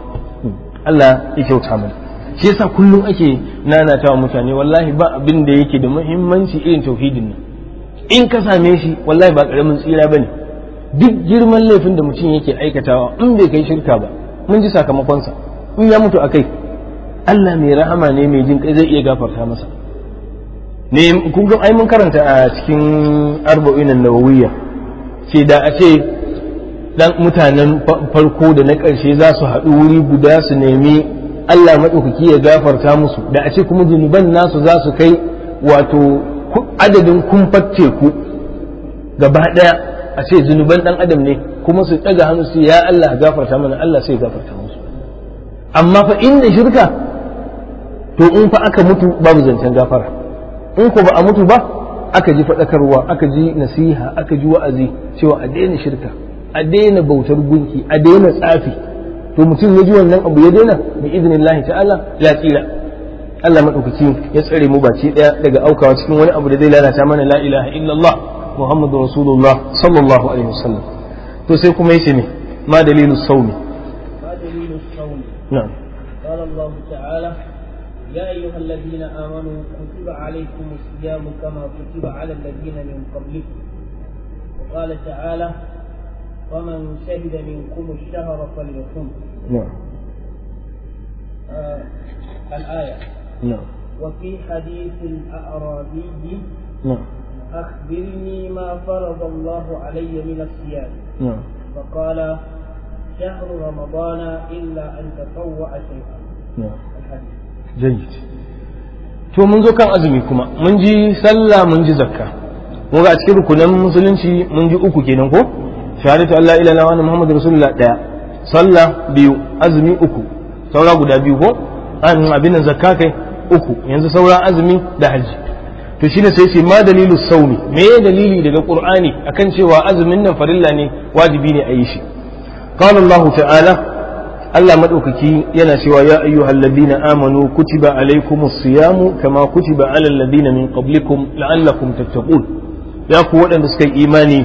Allah ya kyauta mana shi yasa kullum ake wa mutane wallahi ba abin da yake da muhimmanci irin tauhidin nan in ka same shi wallahi ba karamin tsira bane duk girman laifin da mutum yake aikatawa in bai kai shirka ba mun ji sakamakonsa in ya mutu akai Allah mai rahama ne mai jin kai zai iya gafarta masa ne kun ga ai mun karanta a cikin arba'in an-nawawiyya ce da a ce mutanen farko da na ƙarshe za su haɗu wuri guda su nemi Allah maɗaukaki ya gafarta musu da a ce kuma zunuban nasu za su kai wato adadin kumfar teku gaba ɗaya a ce zunuban ɗan adam ne kuma su ɗaga hannu su ya Allah gafarta mana Allah sai gafarta musu amma fa inda shirka to in fa aka mutu babu zancen gafara in ko ba a mutu ba aka ji faɗakarwa aka ji nasiha aka ji wa'azi cewa a daina shirka a daina bautar gunki a daina tsafi to mutum ya ji wannan abu ya daina bi idnillahi ta'ala ya tsira Allah madaukaki ya tsare mu baci daya daga aukawa cikin wani abu da zai lalata mana la ilaha illallah muhammadu rasulullah sallallahu alaihi wasallam to sai kuma yace ne ma dalilu sawmi ma dalilu sawmi na'am qala Allah ta'ala يا أيها الذين آمنوا كتب عليكم الصيام كما كتب على الذين من قبلكم وقال تعالى ومن شهد منكم الشهر فليصم نعم آه الآية نعم وفي حديث الأعرابي نعم أخبرني ما فرض الله علي من الصيام نعم فقال شهر رمضان إلا أن تطوع شيئا نعم الحديث جيد to mun zo kan azumi kuma mun ji sallah mun ji zakka mun ga cikin musulunci mun ji uku kenan ko shahadatu Allah ila lawa na Muhammadu Rasulullah ɗaya sallah biyu azumi uku saura guda biyu ko abin zakka kai uku yanzu saura azumi da hajji to shine sai ce ma dalilu saumi me ya dalili daga qur'ani akan cewa azumin nan farilla ne wajibi ne a yi shi qala Allah ta'ala Allah madaukaki yana cewa ya ayyuhal ladina amanu kutiba alaykumus siyamu kama kutiba alal ladina min qablikum la'allakum tattaqun ya ku waɗanda suka yi imani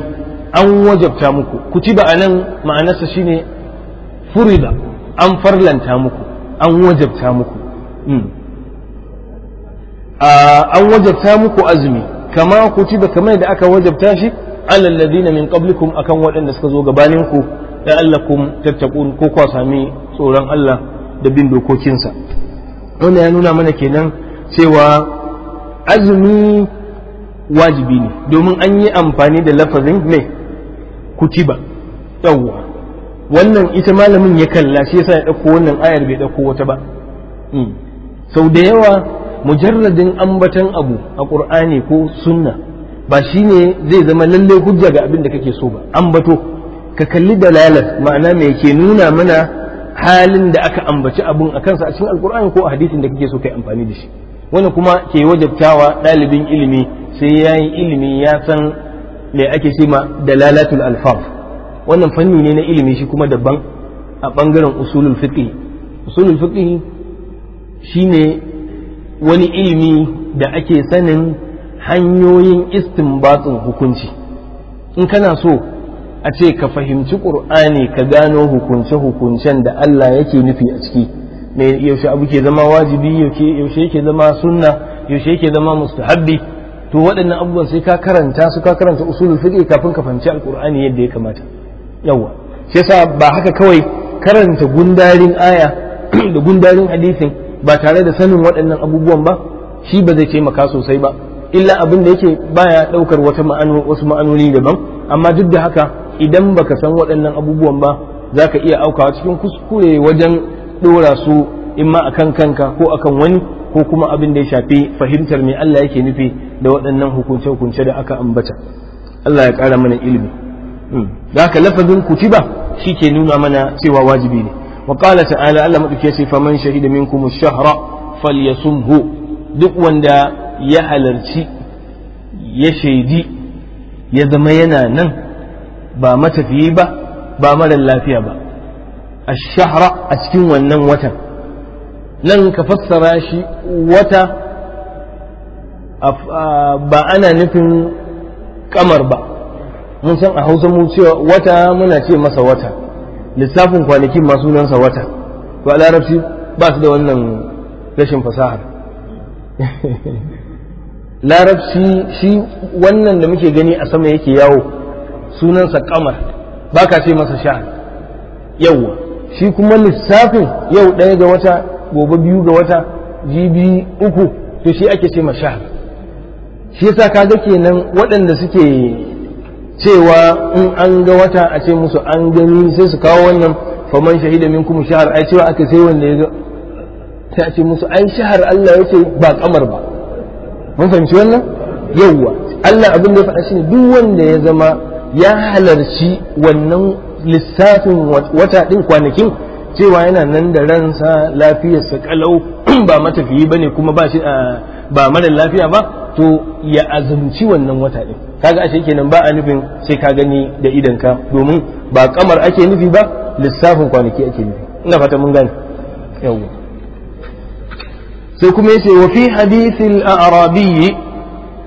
an wajabta muku kutiba anan ma'anarsa shine furida an farlanta muku an wajabta muku hmm. an wajabta muku azumi kama kutiba kamar da aka wajabta shi alal ladina min qablikum akan waɗanda suka zo gabanin ku la'allakum tattaqun ko kwa sami tsoron Allah da bin dokokinsa wannan ya nuna mana kenan cewa azumi wajibi ne domin an yi amfani da lafazin mai kutiba yawwa wannan ita malamin ya kalla shi yasa ya ɗauko wannan ayar bai ɗauko wata ba hmm. sau da yawa mujarradin ambatan abu a ƙur'ani ko sunna ba shi ne zai zama lalle hujja ga abin da kake so ba ambato ka kalli dalalar ma'ana mai ke nuna mana halin da aka ambaci abun a kansa a cikin alƙur'ani ko a hadisin da kake so kai amfani da shi wannan kuma ke wajabtawa ɗalibin ilimi sai ya yi ilimi ya san me ake ce ma lalatul alfaf wannan fanni ne na ilimi shi kuma daban a ɓangaren usulul fiqh usulul fiqh ne wani ilimi da ake sanin hanyoyin istinbatsin hukunci in kana so a ce ka fahimci ƙur'ani ka gano hukunce-hukuncen da Allah yake nufi a ciki yaushe abu ke zama wajibi yaushe yake zama sunna yaushe yake zama mustahabbi to waɗannan abubuwan sai ka karanta su ka karanta usulul fiqh kafin ka fahimci alqur'ani yadda ya kamata yawa shi yasa ba haka kawai karanta gundarin aya *clears throat* da gundarin hadisin ba tare da sanin waɗannan abubuwan ba shi ba zai taimaka sosai ba illa abin da yake baya ɗaukar wata ma'ano wasu ma'anoni daban amma duk da haka idan baka san waɗannan abubuwan ba za ka iya aukawa cikin kuskure wajen ɗora su in ma akan kanka ko akan wani ko kuma abin da ya shafi fahimtar me Allah yake nufi da waɗannan hukunce-hukunce da aka ambata Allah ya ƙara mana ilimi hmm. da haka lafazin kutiba shi ke nuna mana cewa wajibi ne wa qala ta'ala Allah ya ce faman shahida minkum ash-shahra falyasumhu duk wanda ya halarci ya shaidi ya zama yana nan ba matafiye ba ba mara lafiya ba a shahra a cikin wannan watan nan ka fassara shi wata ba ana nufin kamar ba mun san a hausa mu cewa wata muna ce masa wata lissafin kwanakin ma sunansa wata to a larabci ba su da wannan rashin fasahar *laughs* larabci shi wannan da muke gani a sama yake yawo sunansa kamar ba ka ce masa sha yauwa shi kuma lissafin yau ɗaya ga wata gobe biyu ga wata jibi uku to shi ake ce ma shahar shi yasa kaga kenan waɗanda suke cewa in an ga wata a ce musu an gani sai su kawo wannan faman shahida kuma shahar ai cewa aka sai wanda ya ga sai a ce musu ai shahar Allah yake ba kamar ba mun fahimci wannan yawwa Allah abin da ya faɗa shine duk wanda ya zama ya halarci wannan lissafin wata din kwanakin cewa yana nan da ransa lafiyarsa kalau *clears throat* ba matafiyi bane kuma ba shi ba mara lafiya ba to ya azumci wannan wata din kaga ashe kenan ba a nufin sai ka gani da idanka domin ba kamar ake nufi ba lissafin kwanaki ake nufi ina fata mun gane yawwa sai kuma yace wa fi hadithil arabi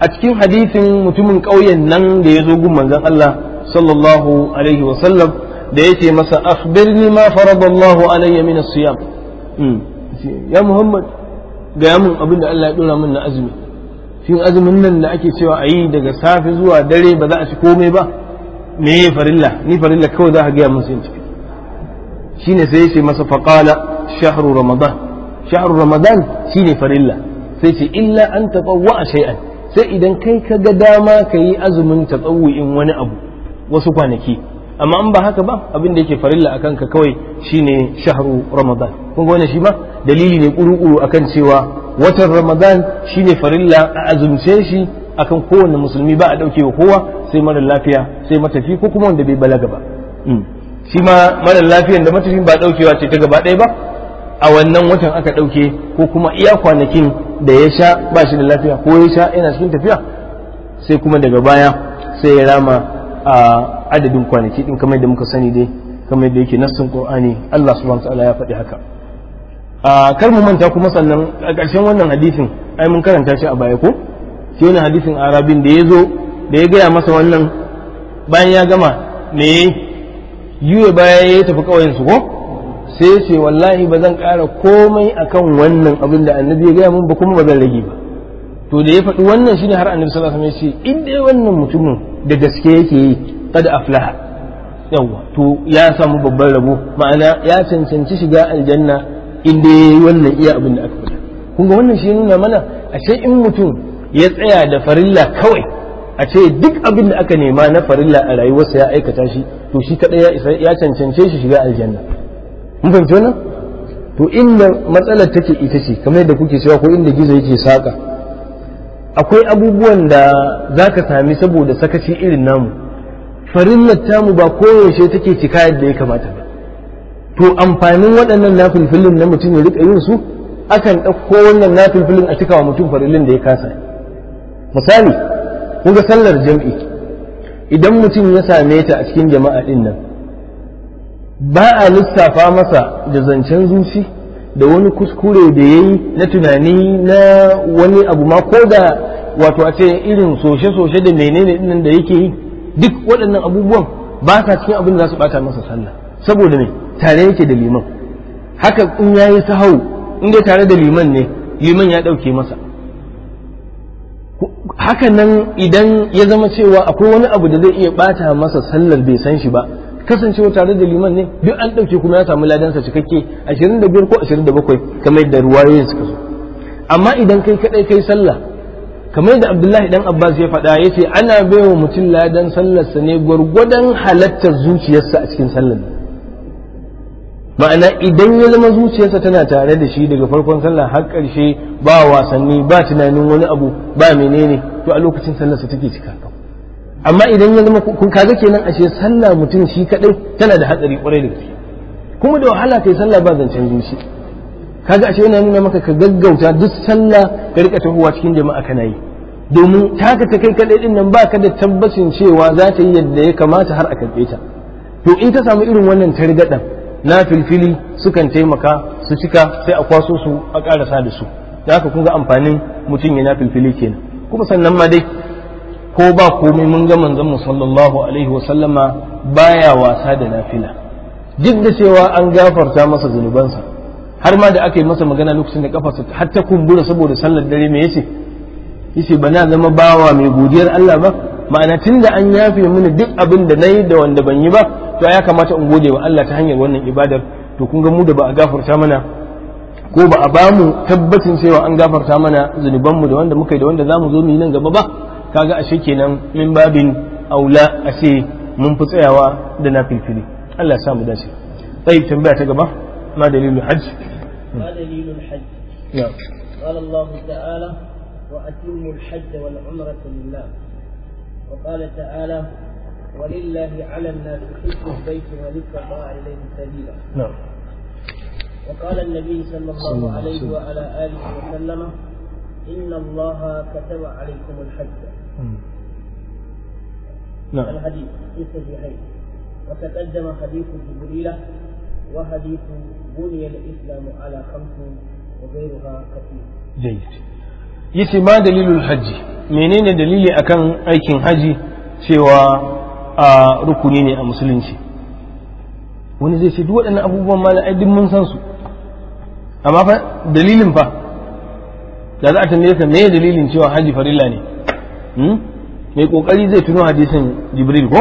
a cikin hadithin mutumin ƙauyen nan da ya zo gun manzon Allah sallallahu alaihi wa sallam da yace masa akhbirni ma faradallahu alayya min as-siyam hmm. ya muhammad ga mun abin da Allah ya dora min na azumi shin azumin nan da ake cewa a yi daga safe zuwa dare ba za a ci komai ba me ya farilla ni farilla kawai za ka gaya mun sun ciki shine sai ce masa faqala shahru ramadan shahru ramadan shi shine farilla sai ce illa an taɓa tatawwa shay'an sai idan kai ka ga dama ka yi azumin tatawu'in wani abu wasu kwanaki amma an ba haka ba abin da yake farilla a kanka kawai shine shahru ramadan kun ga shi ma dalili ne kuru-kuru akan cewa watan ramadan shine farilla a azumce shi akan kowane musulmi ba a dauke wa kowa sai marar lafiya sai matafi ko kuma wanda bai balaga ba mm. shi ma marar lafiyan da matafi ba daukewa ce ta gaba ɗaya ba a wannan watan aka ɗauke ko kuma iya kwanakin da ya sha ba shi da lafiya ko ya sha yana cikin tafiya sai kuma daga baya sai ya rama a ah, adadin kwanaki din kamar da muka sani dai kamar da yake nassin qur'ani Allah subhanahu wataala ya faɗi haka a kar mu manta kuma sannan a ƙarshen wannan hadisin ai mun karanta shi a baya ko shi wannan hadisin arabin da ya zo da ya gaya masa wannan bayan ya gama me yuwe baya ya tafi ƙauyen su ko sai ce wallahi ba zan ƙara komai akan wannan abin da annabi ya gaya mun ba kuma ba zan rage ba to da ya faɗi wannan shine har annabi sallallahu alaihi wasallam ya ce in dai wannan mutumin da gaske yake yi qad aflaha yawa to ya samu babban rabo ma'ana ya cancanci shiga aljanna inda yayi wannan iya abin da aka fita. kun ga wannan shi nuna mana ce, in mutum ya tsaya da farilla kawai a ce duk abin da aka nema na farilla a rayuwarsa ya aikata shi to shi kadai ya isa ya cancance shi shiga aljanna mun fahimci wannan to inda matsalar take ita ce kamar yadda kuke cewa ko inda gizo yake saka akwai abubuwan da za ka sami saboda sakaci irin namu farillar tamu ba koyaushe take cika yadda ya kamata ba to amfanin waɗannan nafilfilin na mutum ya riƙa yin su akan ɗauko wannan nafilfilin a cika wa mutum farillin da ya kasa misali kun ga sallar jam'i idan mutum ya same ta a cikin jama'a ɗin nan ba a lissafa masa da zancen zuci da wani kuskure da ya yi na tunani na wani abu ma ko da wato a ce irin soshe-soshe da menene ɗin da yake yi duk waɗannan abubuwan ba sa cikin abin da za su ɓata masa sallah saboda me tare yake da liman haka in ya yi sahau in dai tare da liman ne liman ya ɗauke masa haka nan idan ya zama cewa akwai wani abu da zai iya ɓata masa sallar bai san shi ba kasancewa tare da liman ne duk an ɗauke kuma ya samu ladansa cikakke 25 ko 27 kamar yadda ruwayoyin suka so amma idan kai kaɗai kai sallah kamar da abdullahi dan abbas ya faɗa ya ce ana baiwa mutum ladan sallarsa ne gwargwadon halattar zuciyarsa a cikin sallar ma'ana idan ya zama zuciyarsa tana tare da shi daga farkon sallar har ƙarshe ba wasanni ba tunanin wani abu ba menene to a lokacin sallarsa take cika amma idan ya zama kun kaga kenan ashe sallah mutum shi kaɗai tana da hatsari kwarai da gaske kuma da wahala kai sallah ba zancen zuciya kaga ashe yana nuna maka ka gaggauta duk sallah ka rika tahowa cikin jama'a kana yi domin taka ta kai kadai din nan baka da tabbacin cewa za ta yi yadda ya kamata har a karbe ta to in ta samu irin wannan targaɗan na filfili sukan taimaka su cika sai a kwaso su a karasa da su da haka kun ga amfanin mutum ya na filfili kenan kuma sannan ma dai ko ba komai mun ga manzon mu sallallahu alaihi wa sallama baya wasa da nafila duk da cewa an gafarta masa zunubansa har ma da aka yi masa magana lokacin da kafarsa har ta kumbura saboda sallar dare me yace yace ba na zama bawa mai godiyar Allah ba ma'ana tunda an yafe mini duk abin da nayi da wanda ban yi ba to ya kamata in gode wa Allah ta hanyar wannan ibadar to kun ga mu da ba a gafarta mana ko ba a bamu mu tabbacin cewa an gafarta mana mu da wanda muka yi da wanda zamu zo mu yi nan gaba ba kaga ashe kenan min babin aula ashe mun fi tsayawa da na Allah ya sa mu dace tsayi tambaya ta gaba ما dalilin hajji ودليل الحج نعم قال الله تعالى وأتموا الحج والعمرة لله وقال تعالى ولله على الناس حج البيت ومن إليه سبيلا نعم وقال النبي صلى الله عليه وعلى آله وسلم إن الله كتب عليكم الحج نعم الحديث في الصحيحين وتقدم حديث جبريل وحديث بني الإسلام على خمس وغيرها كثير جيد yace ما دليل الحج منين dalili akan aikin haji cewa a rukuni a musulunci wani zai ce duk waɗannan abubuwan ma na aidin mun san su amma fa dalilin fa da za a tambaye ka me dalilin cewa haji farilla ne mai kokari zai tuno hadisin jibril ko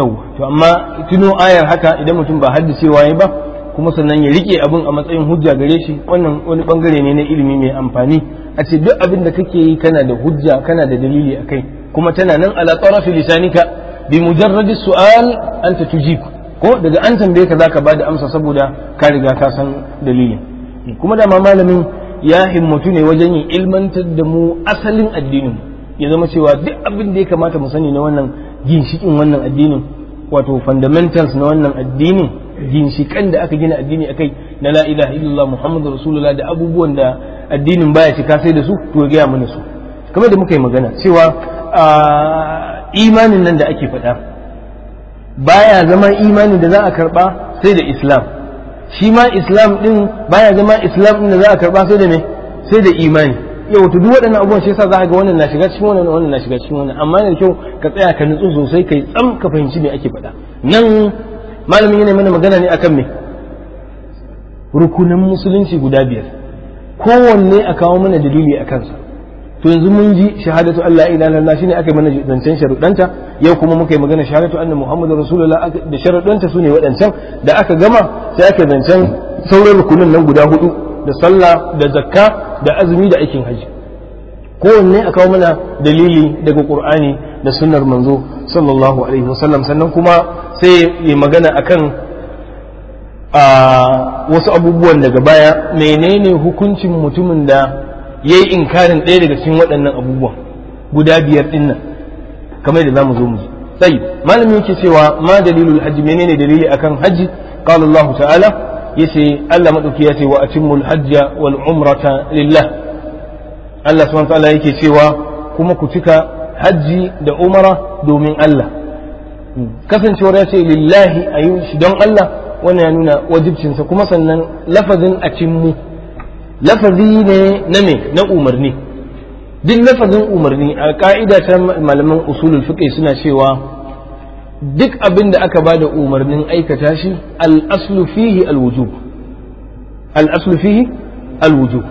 yau to amma tuno ayar haka idan mutum ba haddacewa waye ba kuma sannan ya rike abin a matsayin hujja gare shi wannan wani bangare ne na ilimi mai amfani a ce duk abin da kake yi kana da hujja kana da dalili a kai kuma tana nan ala tarafi lisanika bi mujarradi su'al anta tujib ko daga an tambaye ka zaka bada amsa saboda ka riga ka san dalilin kuma da malamin ya himmatu ne wajen yin ilmantar da mu asalin addinin ya zama cewa duk abin da ya kamata mu sani na wannan ginshikin wannan addinin wato fundamentals na wannan addinin ginshikan da aka gina addini akai na la ilaha illallah muhammadu rasulullah da abubuwan da addinin baya cika sai da su to gaya mana su kamar da muka yi magana cewa imanin nan da ake faɗa baya zama imanin da za a karɓa sai da islam shi ma islam din baya zama islam din da za a karɓa sai da me sai da imani yau to duk waɗannan abubuwan shi yasa za a ga wannan na shiga cikin wannan wannan na shiga cikin wannan amma da kyau ka tsaya ka nutsu sosai kai tsam ka fahimci me ake faɗa nan malamin yana mana magana ne akan me rukunan musulunci guda biyar kowanne a kawo mana dalili a kansa to yanzu mun ji shahadatu Allah ila Allah shine aka mana zancen sharuɗanta yau kuma muka yi magana shahadatu anna Muhammadu Rasulullah da sharuɗanta sune waɗancan da aka gama sai aka zancen sauran rukunin nan guda hudu da sallah da zakka da azumi da aikin haji kowanne a kawo mana dalili daga Qur'ani da sunnar manzo sallallahu alaihi wasallam sannan kuma sai yi magana akan a wasu abubuwan daga baya menene hukuncin mutumin da ya yi inkarin ɗaya daga cikin waɗannan abubuwan guda biyar ɗin nan kamar da za mu zo mu sai malami yake cewa ma dalilul hajji menene dalili akan hajji qala Allah ta'ala yace Allah madauki ce wa atimul hajja wal umrata lillah Allah subhanahu wa ta'ala yake cewa kuma ku cika hajji da umara domin Allah kasancewar ya ce lillahi a yi shi don Allah wannan ya nuna wajibcinsa kuma sannan lafazin a cimmu lafazi ne na me na umarni duk lafazin umarni a ka'ida ta malaman usulul fiqh suna cewa duk abin da aka ba da umarnin aikata shi al-aslu fihi al-wujub al-aslu fihi al-wujub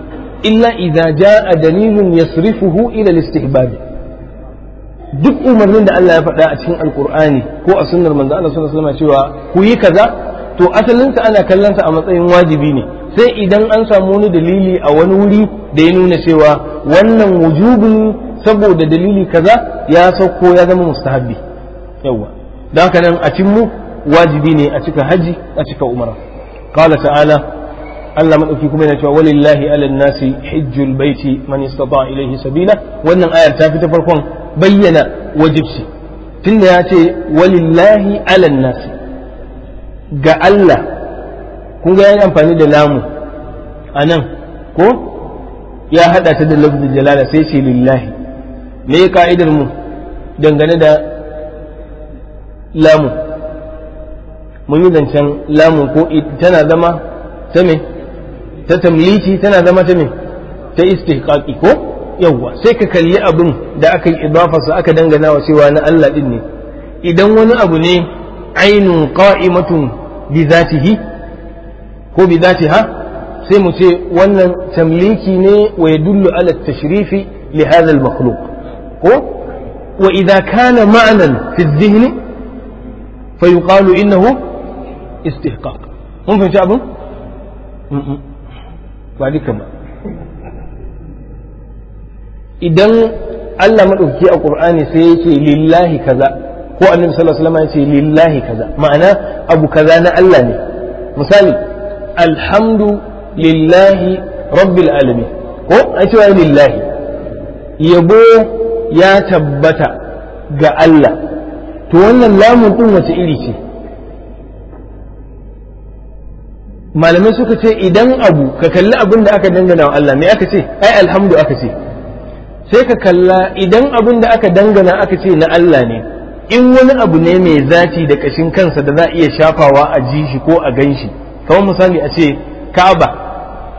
illa idza jaa dalilun yasrifuhu ila al-istihbab duk umarnin da Allah ya faɗa a cikin alkur'ani ko a sunnar manzo Allah sallallahu alaihi cewa ku yi kaza to asalinsa ana kallon sa a matsayin wajibi ne sai idan an samu wani dalili a wani wuri da ya nuna cewa wannan wujubin saboda dalili kaza ya sauko ya zama mustahabbi yawa da haka nan a cimmu wajibi ne a cika haji a cika umara qala ta'ala Allah madauki kuma yana cewa walillahi ala nasi hijjul baiti man istata ilayhi sabila wannan ayar ta fi ta farkon bayyana wajibci tunda ya ce walillahi alan nasi ga Allah kun ga yayi amfani da lamu anan ko ya haɗa ta da lafzul jalala sai ce lillahi me ka'idar mu dangane da lamu mun yi zancen lamu ko tana zama ta me ta tamliki tana zama ta me ta istihqaqi ko yawwa sai ka kalli abin da aka yi idafarsa aka dangana wa cewa na Allah din ne idan wani abu ne ainun qa'imatun bi zatihi ko bi zatiha sai mu ce wannan tamliki ne wa yadullu ala tashrifi li hadha al makhluq ko wa idha kana ma'nan fi dhihni fa yuqalu innahu istihqaq mun fahimta abin ba duka ba idan Allah maɗauki a ƙur'ani sai ya lillahi kaza ko annabi sallallahu alaihi wasallam ya lillahi kaza ma'ana abu kaza na Allah ne misali alhamdu lillahi rabbil alamin ko a cewa lillahi yabo ya tabbata ga Allah to wannan lamun din wace iri ce malamai suka ce idan abu ka kalli abin da aka dangana wa Allah me aka ce ai alhamdu aka ce sai ka kalla idan abin da aka dangana aka ce na Allah ne in wani abu ne mai zaci da kashin kansa da za a iya shafawa a ji shi ko a gan shi kamar misali a ce ka'aba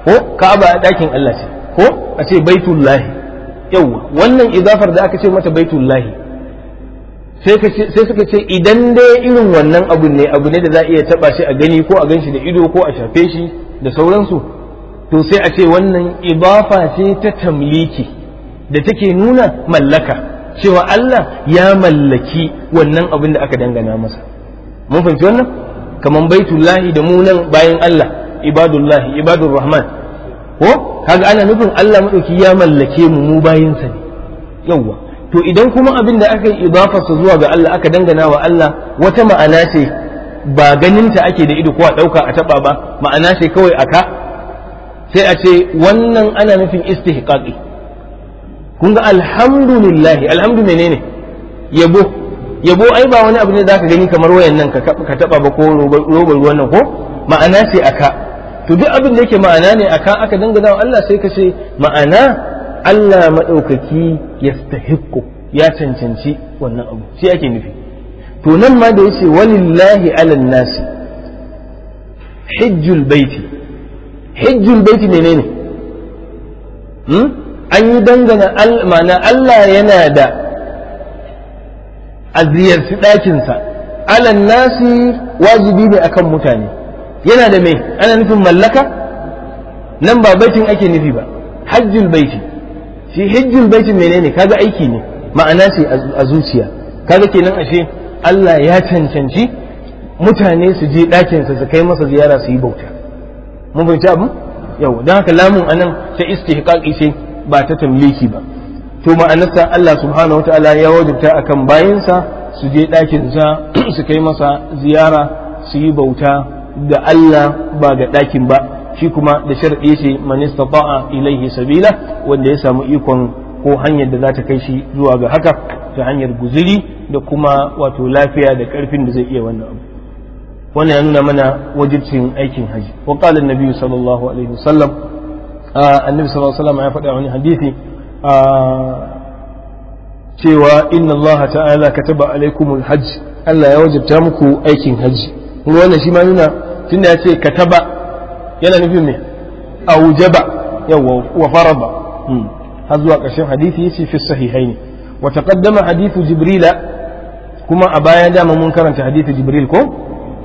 ko ka'aba a ɗakin Allah ce ko a ce baitullahi yawa wannan izafar da aka ce mata baitullahi sai suka ce idan dai irin wannan abu ne abu ne da za a iya taba shi a gani ko a gan shi da ido ko a shafe shi da sauransu to sai a ce wannan idafa ce ta tamliki da take nuna mallaka cewa Allah ya mallaki wannan abin da aka dangana masa mun fahimci wannan kaman baitullahi da munan bayan Allah ibadullahi ibadur rahman ko kaga ana nufin Allah madauki ya mallake mu mu bayin sa ne yawwa to idan kuma abin da aka yi idafarsa zuwa ga Allah aka dangana wa Allah wata ma'ana ce ba ganinta ake da ido ko a ɗauka a taɓa ba ma'ana ce kawai aka sai a ce wannan ana nufin istihqaqi kun ga alhamdulillahi alhamdu menene yabo yabo ai ba wani abu ne ka gani kamar wayan nan ka taba ba ko robar ruwan nan ko ma'ana ce aka to duk abin da yake ma'ana ne aka aka danga dangana Allah sai ka ce ma'ana Allah madaukaki yastahiqu ya cancanci wannan abu shi ake nufi to nan ma da yace walillahi alan nas hijjul baiti hijjul baiti menene hmm? an yi dangana ma'ana Allah yana da a ziyarci ɗakinsa alan nasi wajibi ne akan mutane yana da mai ana nufin mallaka nan ba baitin ake nufi ba hajjul baiti shi hajjul baitin menene kaga aiki ne ma'ana ce a zuciya kaga kenan ashe Allah ya cancanci mutane su je ɗakinsa su kai masa ziyara su yi bauta mun fahimci abu yau don haka lamun anan ta istihqaqi sai. ba ta tamliki ba to ma'anarsa Allah subhanahu ta'ala ya wajabta akan bayansa su je ɗakinsa *clears throat* su kai masa ziyara su yi bauta ga Allah ba ga ɗakin ba shi kuma da sharɗi ce man istata'a ilaihi sabila wanda ya samu ikon ko hanyar da za ta kai shi zuwa ga haka ta hanyar guziri da kuma wato lafiya da ƙarfin da zai iya wannan abu wannan ya nuna mana wajibcin aikin haji wa qala nabi sallallahu alaihi wasallam annabi sallallahu alaihi wasallam ya faɗa wani hadisi cewa inna Allah ta'ala kataba alaikumul hajj Allah ya wajabta muku aikin hajji kuma wannan shi ma nuna tunda ya ce kataba yana nufin ne aujaba yawa wa farada har zuwa ƙarshen hadisi yace fi sahihaini wa taqaddama hadithu jibrila kuma a baya dama mun karanta hadithu jibril ko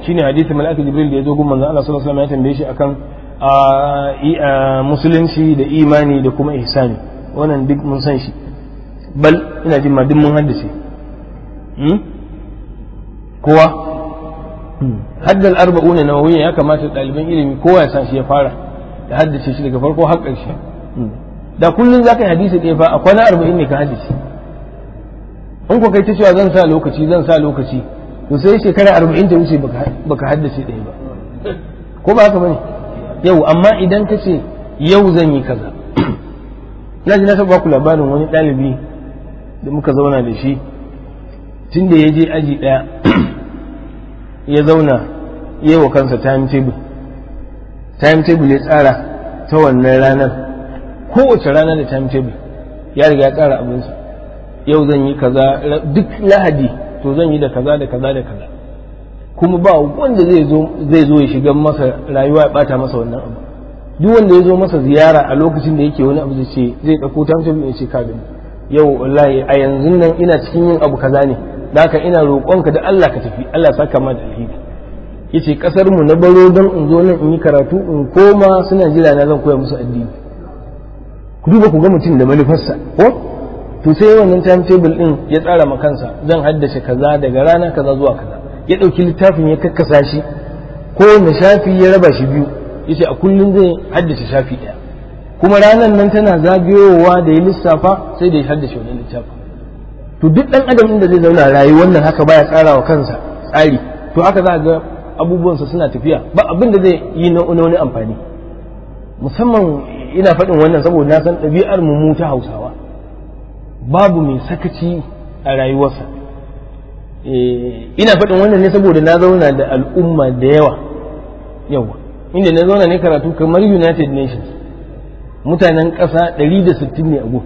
shine hadithu mala'ika jibril da ya zo gun manzon Allah sallallahu alaihi wasallam ya tambaye shi akan musulunci da imani da kuma ihsani wannan duk mun san shi bal ina jin ma duk mun haddace hmm? kowa hmm. haddal arba'una nawawiyya ya kamata ɗaliban ilimi kowa ya san shi ya fara da haddace shi daga farko har ƙarshe hmm. da kullum za ka yi hadisi ɗaya fa a kwana arba'in ne ka haddace in ku kai ta cewa zan sa lokaci zan sa lokaci to sai shekara arba'in ta wuce baka haddace ɗaya ba ko ba haka bane yau amma idan ka ce yau zan yi kaza *clears throat* na ji na taɓa ku labarin wani ɗalibi da muka zauna da shi tun da ya je aji ɗaya *clears throat* ya zauna ya wa kansa timetable timetable ya tsara ta wannan ranar kowace rana da timetable ya riga ya tsara abinsa yau zan yi kaza duk lahadi to zan yi da kaza da kaza da kaza kuma ba wanda zai zo ya shiga masa rayuwa ya bata masa wannan abu duk wanda ya zo masa ziyara a lokacin da yake wani abu zai ce zai ɗauko tamtabi ya ce kabin yau wallahi a yanzu nan ina cikin yin abu kaza ne haka ina roƙonka da Allah ka tafi Allah ya saka ma da alheri yace kasar mu na baro don in zo nan in yi karatu in koma suna jira na zan koya musu addini ku duba ku ga mutum da manufarsa ko to sai wannan timetable din ya tsara ma kansa zan haddace kaza daga rana kaza zuwa kaza ya ɗauki littafin ya kakkasa shi kowane shafi ya raba shi biyu ya ce a kullum zai haddace shafi ɗaya kuma ranar nan tana zagayowa da ya lissafa sai da ya haddace wani littafin to duk ɗan adam da zai zauna rayu nan haka baya tsara wa kansa tsari to haka za a ga abubuwansa suna tafiya ba abin da zai yi na wani amfani musamman ina faɗin wannan saboda na san ɗabi'ar mu ta hausawa babu mai sakaci a rayuwarsa Eh. ina faɗin wannan ne saboda na zauna da al'umma da yawa yawa inda na zauna ne karatu kamar united nations mutanen ƙasa 160 ne a gun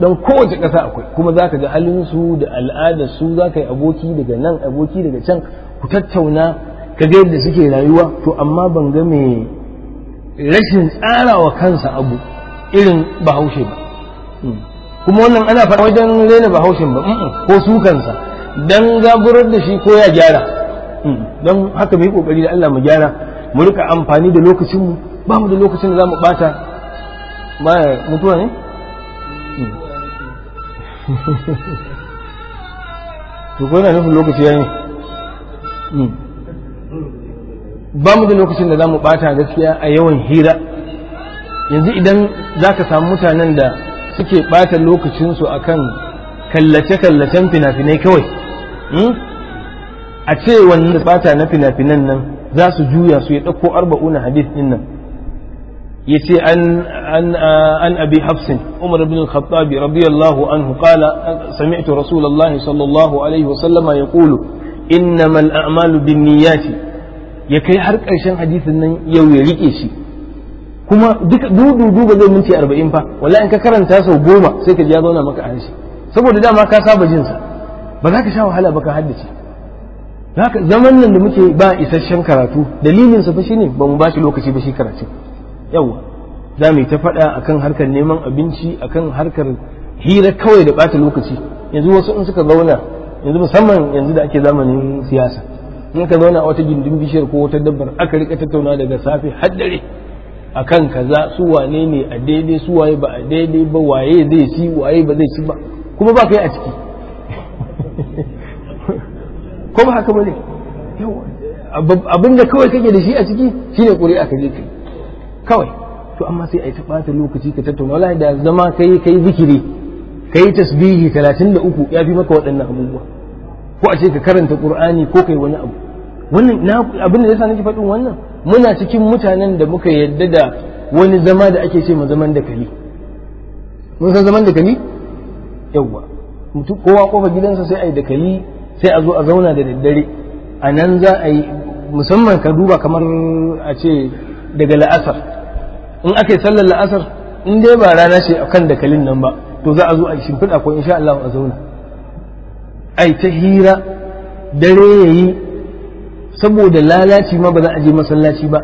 don kowace ƙasa akwai kuma za ka ga halinsu da al'adarsu za ka yi aboki daga nan aboki daga can ku tattauna ka ga yadda suke rayuwa to amma ban ga mai rashin tsarawa kansa abu irin bahaushe ba hmm. kuma wannan ana faɗa wajen rena bahaushe ba ko su kansa dan zaburar da shi ko ya gyara hmm. don haka mu yi kokari da Allah mu gyara mu rika amfani da lokacinmu ba mu da lokacin da za bata ba mutuwa ne hmm. *laughs* to ko yana nufin lokaci yayin hmm. ba mu da lokacin da zamu bata gaskiya a yawan hira yanzu idan zaka samu mutanen da suke bata lokacinsu akan kallace-kallacen fina-finai kawai Hmm? a ce wannan bata na fina-finan nan za su juya su ya ɗauko arba'una hadith din nan ya ce an abi hafsin umar bin al-khattabi radiyallahu anhu qala sami'tu rasulullahi sallallahu alaihi wa sallama yaqulu innamal a'malu binniyati ya kai har ƙarshen hadisin nan yau ya rike shi kuma duka dudu ba zai minti arba'in fa wala in ka karanta sau goma sai ka ji ya zauna maka a saboda dama ka saba jinsa ba za ka sha wahala ba ka haddace ka zaman nan da muke ba isasshen karatu dalilin sa fa shine ba mu bashi lokaci ba shi karatu yawa za mu yi ta faɗa akan harkar neman abinci akan harkar hira kawai da bata lokaci yanzu wasu in suka zauna yanzu musamman yanzu da ake zamanin siyasa in ka zauna a wata gindin bishiyar ko wata dabbar aka rika tattauna daga safe haddare akan kaza su wane ne a daidai su waye ba a daidai ba waye zai ci waye ba zai ci ba kuma ba ka a ciki ko ba haka bane abin da kawai kake da shi a ciki shine ƙuri'a ka je kai kawai to amma sai a yi ta ɓata lokaci ka tattauna wallahi da zama kai kai zikiri kai tasbihi 33 ya fi maka waɗannan abubuwa ko a ce ka karanta qur'ani ko kai wani abu wannan abin da yasa nake faɗin wannan muna cikin mutanen da muka yadda da wani zama da ake ce ma zaman da kali mun san zaman da kali yawwa mutum kowa kofa gidansa sai a yi dakali sai a zo a zauna da daddare a nan za a yi musamman ka duba kamar a ce daga la'asar in aka yi sallar la'asar in dai ba rana ce a kan dakalin nan ba to za a zo a yi shimfiɗa ko insha Allah a zauna ai ta hira dare ya yi saboda lalaci ma ba za a je masallaci ba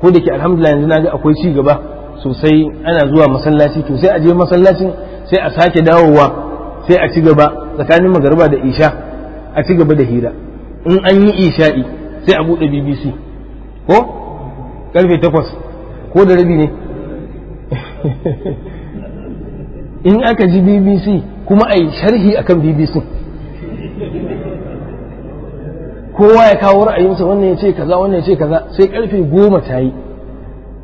ko da ke alhamdulillah yanzu na ga akwai ci gaba sosai ana zuwa masallaci to sai a je masallacin sai a sake dawowa sai a ci gaba tsakanin magariba da isha a ci gaba da hira in an yi isha'i sai a buɗe bbc ko karfe takwas ko da rabi ne *laughs* in aka ji bbc kuma a yi sharhi a kan bbc kowa ya kawo ra'ayinsa wannan ya ce kaza wannan ya ce kaza sai karfe goma ta yi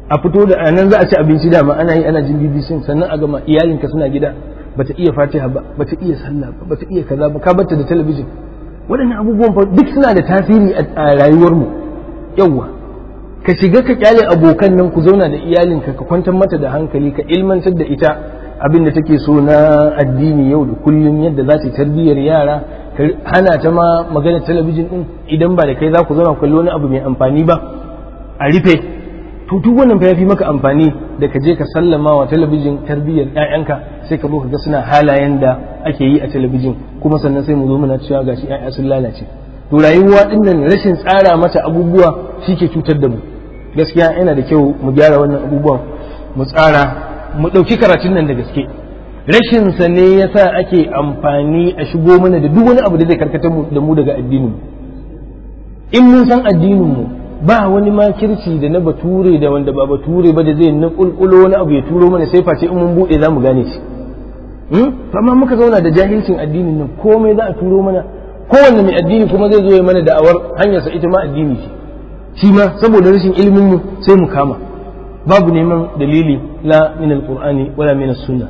a fito da nan za a ci abinci dama ana yi ana jin bbc sannan a gama iyalinka suna gida bata iya fatiha ba bata iya sallah ba bata iya kaza ba ka bata da talabijin waɗannan abubuwan duk suna da tasiri a rayuwarmu yawwa ka shiga ka kyale abokan nan ku zauna da iyalinka ka kwantar mata da hankali ka ilmantar da ita abin da take so na addini yau da kullum yadda za ta tarbiyyar yara ka hana ta ma magana talabijin din idan ba da kai za ku zauna kalli wani abu mai amfani ba a rufe to duk wannan ba fi maka amfani da ka je ka sallama wa talabijin tarbiyyar ƴaƴanka sai ka zo ka ga suna halayen da ake yi a talabijin kuma sannan sai mu zo muna cewa gashi ƴaƴa sun lalace to rayuwa din nan rashin tsara mata abubuwa shike cutar da mu gaskiya yana da kyau mu gyara wannan abubuwan mu tsara mu ɗauki karatun nan da gaske rashin sa ne yasa ake amfani a shigo mana da duk wani abu da zai karkatar da mu daga addinin mu in mun san addinin mu ba wani ma makirci da na bature da wanda ba bature ba da zai na kulkulo wani abu ya turo mana sai face in mun bude zamu gane shi hmm? amma muka zauna da jahilcin addinin nan komai za a turo mana kowanne mai addini kuma zai zo ya mana da'awar hanyarsa ita ma addini ce shi ma saboda rashin ilimin mu sai mu kama babu neman dalili la min alqur'ani wala min sunna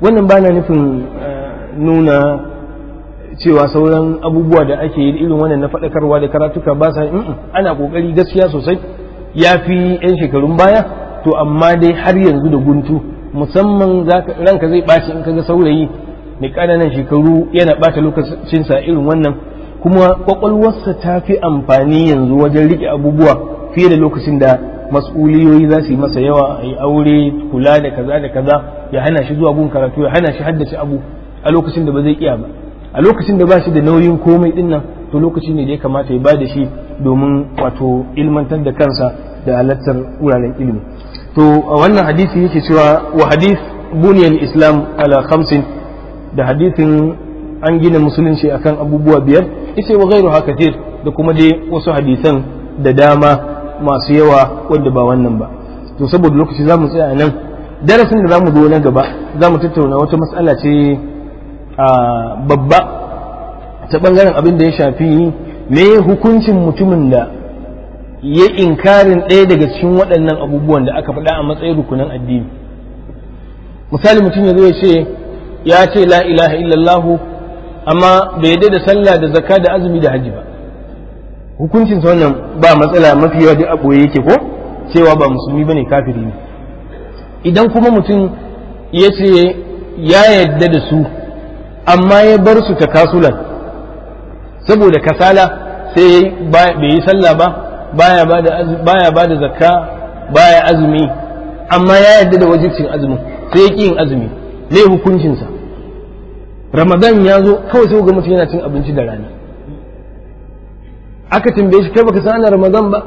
wannan bana nufin eh, nuna cewa sauran abubuwa da ake yi irin wannan na faɗakarwa da karatuka ba sa ana ƙoƙari gaskiya sosai ya fi 'yan shekarun baya to amma dai har yanzu da guntu musamman ranka zai ɓaci in kaga saurayi mai ƙananan shekaru yana ɓata lokacinsa irin wannan kuma ƙwaƙwalwarsa ta fi amfani yanzu wajen riƙe abubuwa fiye da lokacin da mas'uliyoyi za su yi masa yawa a yi aure kula da kaza da kaza ya hana shi zuwa gun karatu ya hana shi haddace abu a lokacin da ba zai iya ba a lokacin da ba shi da nauyin komai din nan to lokacin ne da ya kamata ya bada shi domin wato ilmantar da kansa da halattar wuraren ilimi to a wannan hadisi yake cewa wa hadith buniyal islam ala khamsin da hadisin an gina musulunci akan abubuwa biyar yace wa ghairu hakatir da kuma dai wasu hadisan da dama masu yawa wanda ba wannan ba to saboda lokaci zamu tsaya nan darasin da za mu zo na gaba zamu tattauna wata mas'ala ce babba ta ɓangaren abin da ya shafi me hukuncin mutumin da ya inkarin ɗaya daga cikin waɗannan abubuwan da aka faɗa a matsayin rukunan addini misali mutum ya zo ya ce ya ce la ilaha illallah amma bai yadda da sallah da zakka da azumi da hajji ba hukuncin sa wannan ba matsala mafi yawa duk a boye yake ko cewa ba musulmi bane kafiri ne idan kuma mutum ya ce ya yadda da su amma ya bar su ta kasulan saboda kasala sai bai yi sallah ba baya ba da zakka baya azumi amma ya yarda da wajibcin azumi sai ya ƙi yin azumi ne hukuncinsa ramadan ya zo kawai sai ga mutum yana cin abinci da rana aka tambaye shi kai baka san ana ramadan ba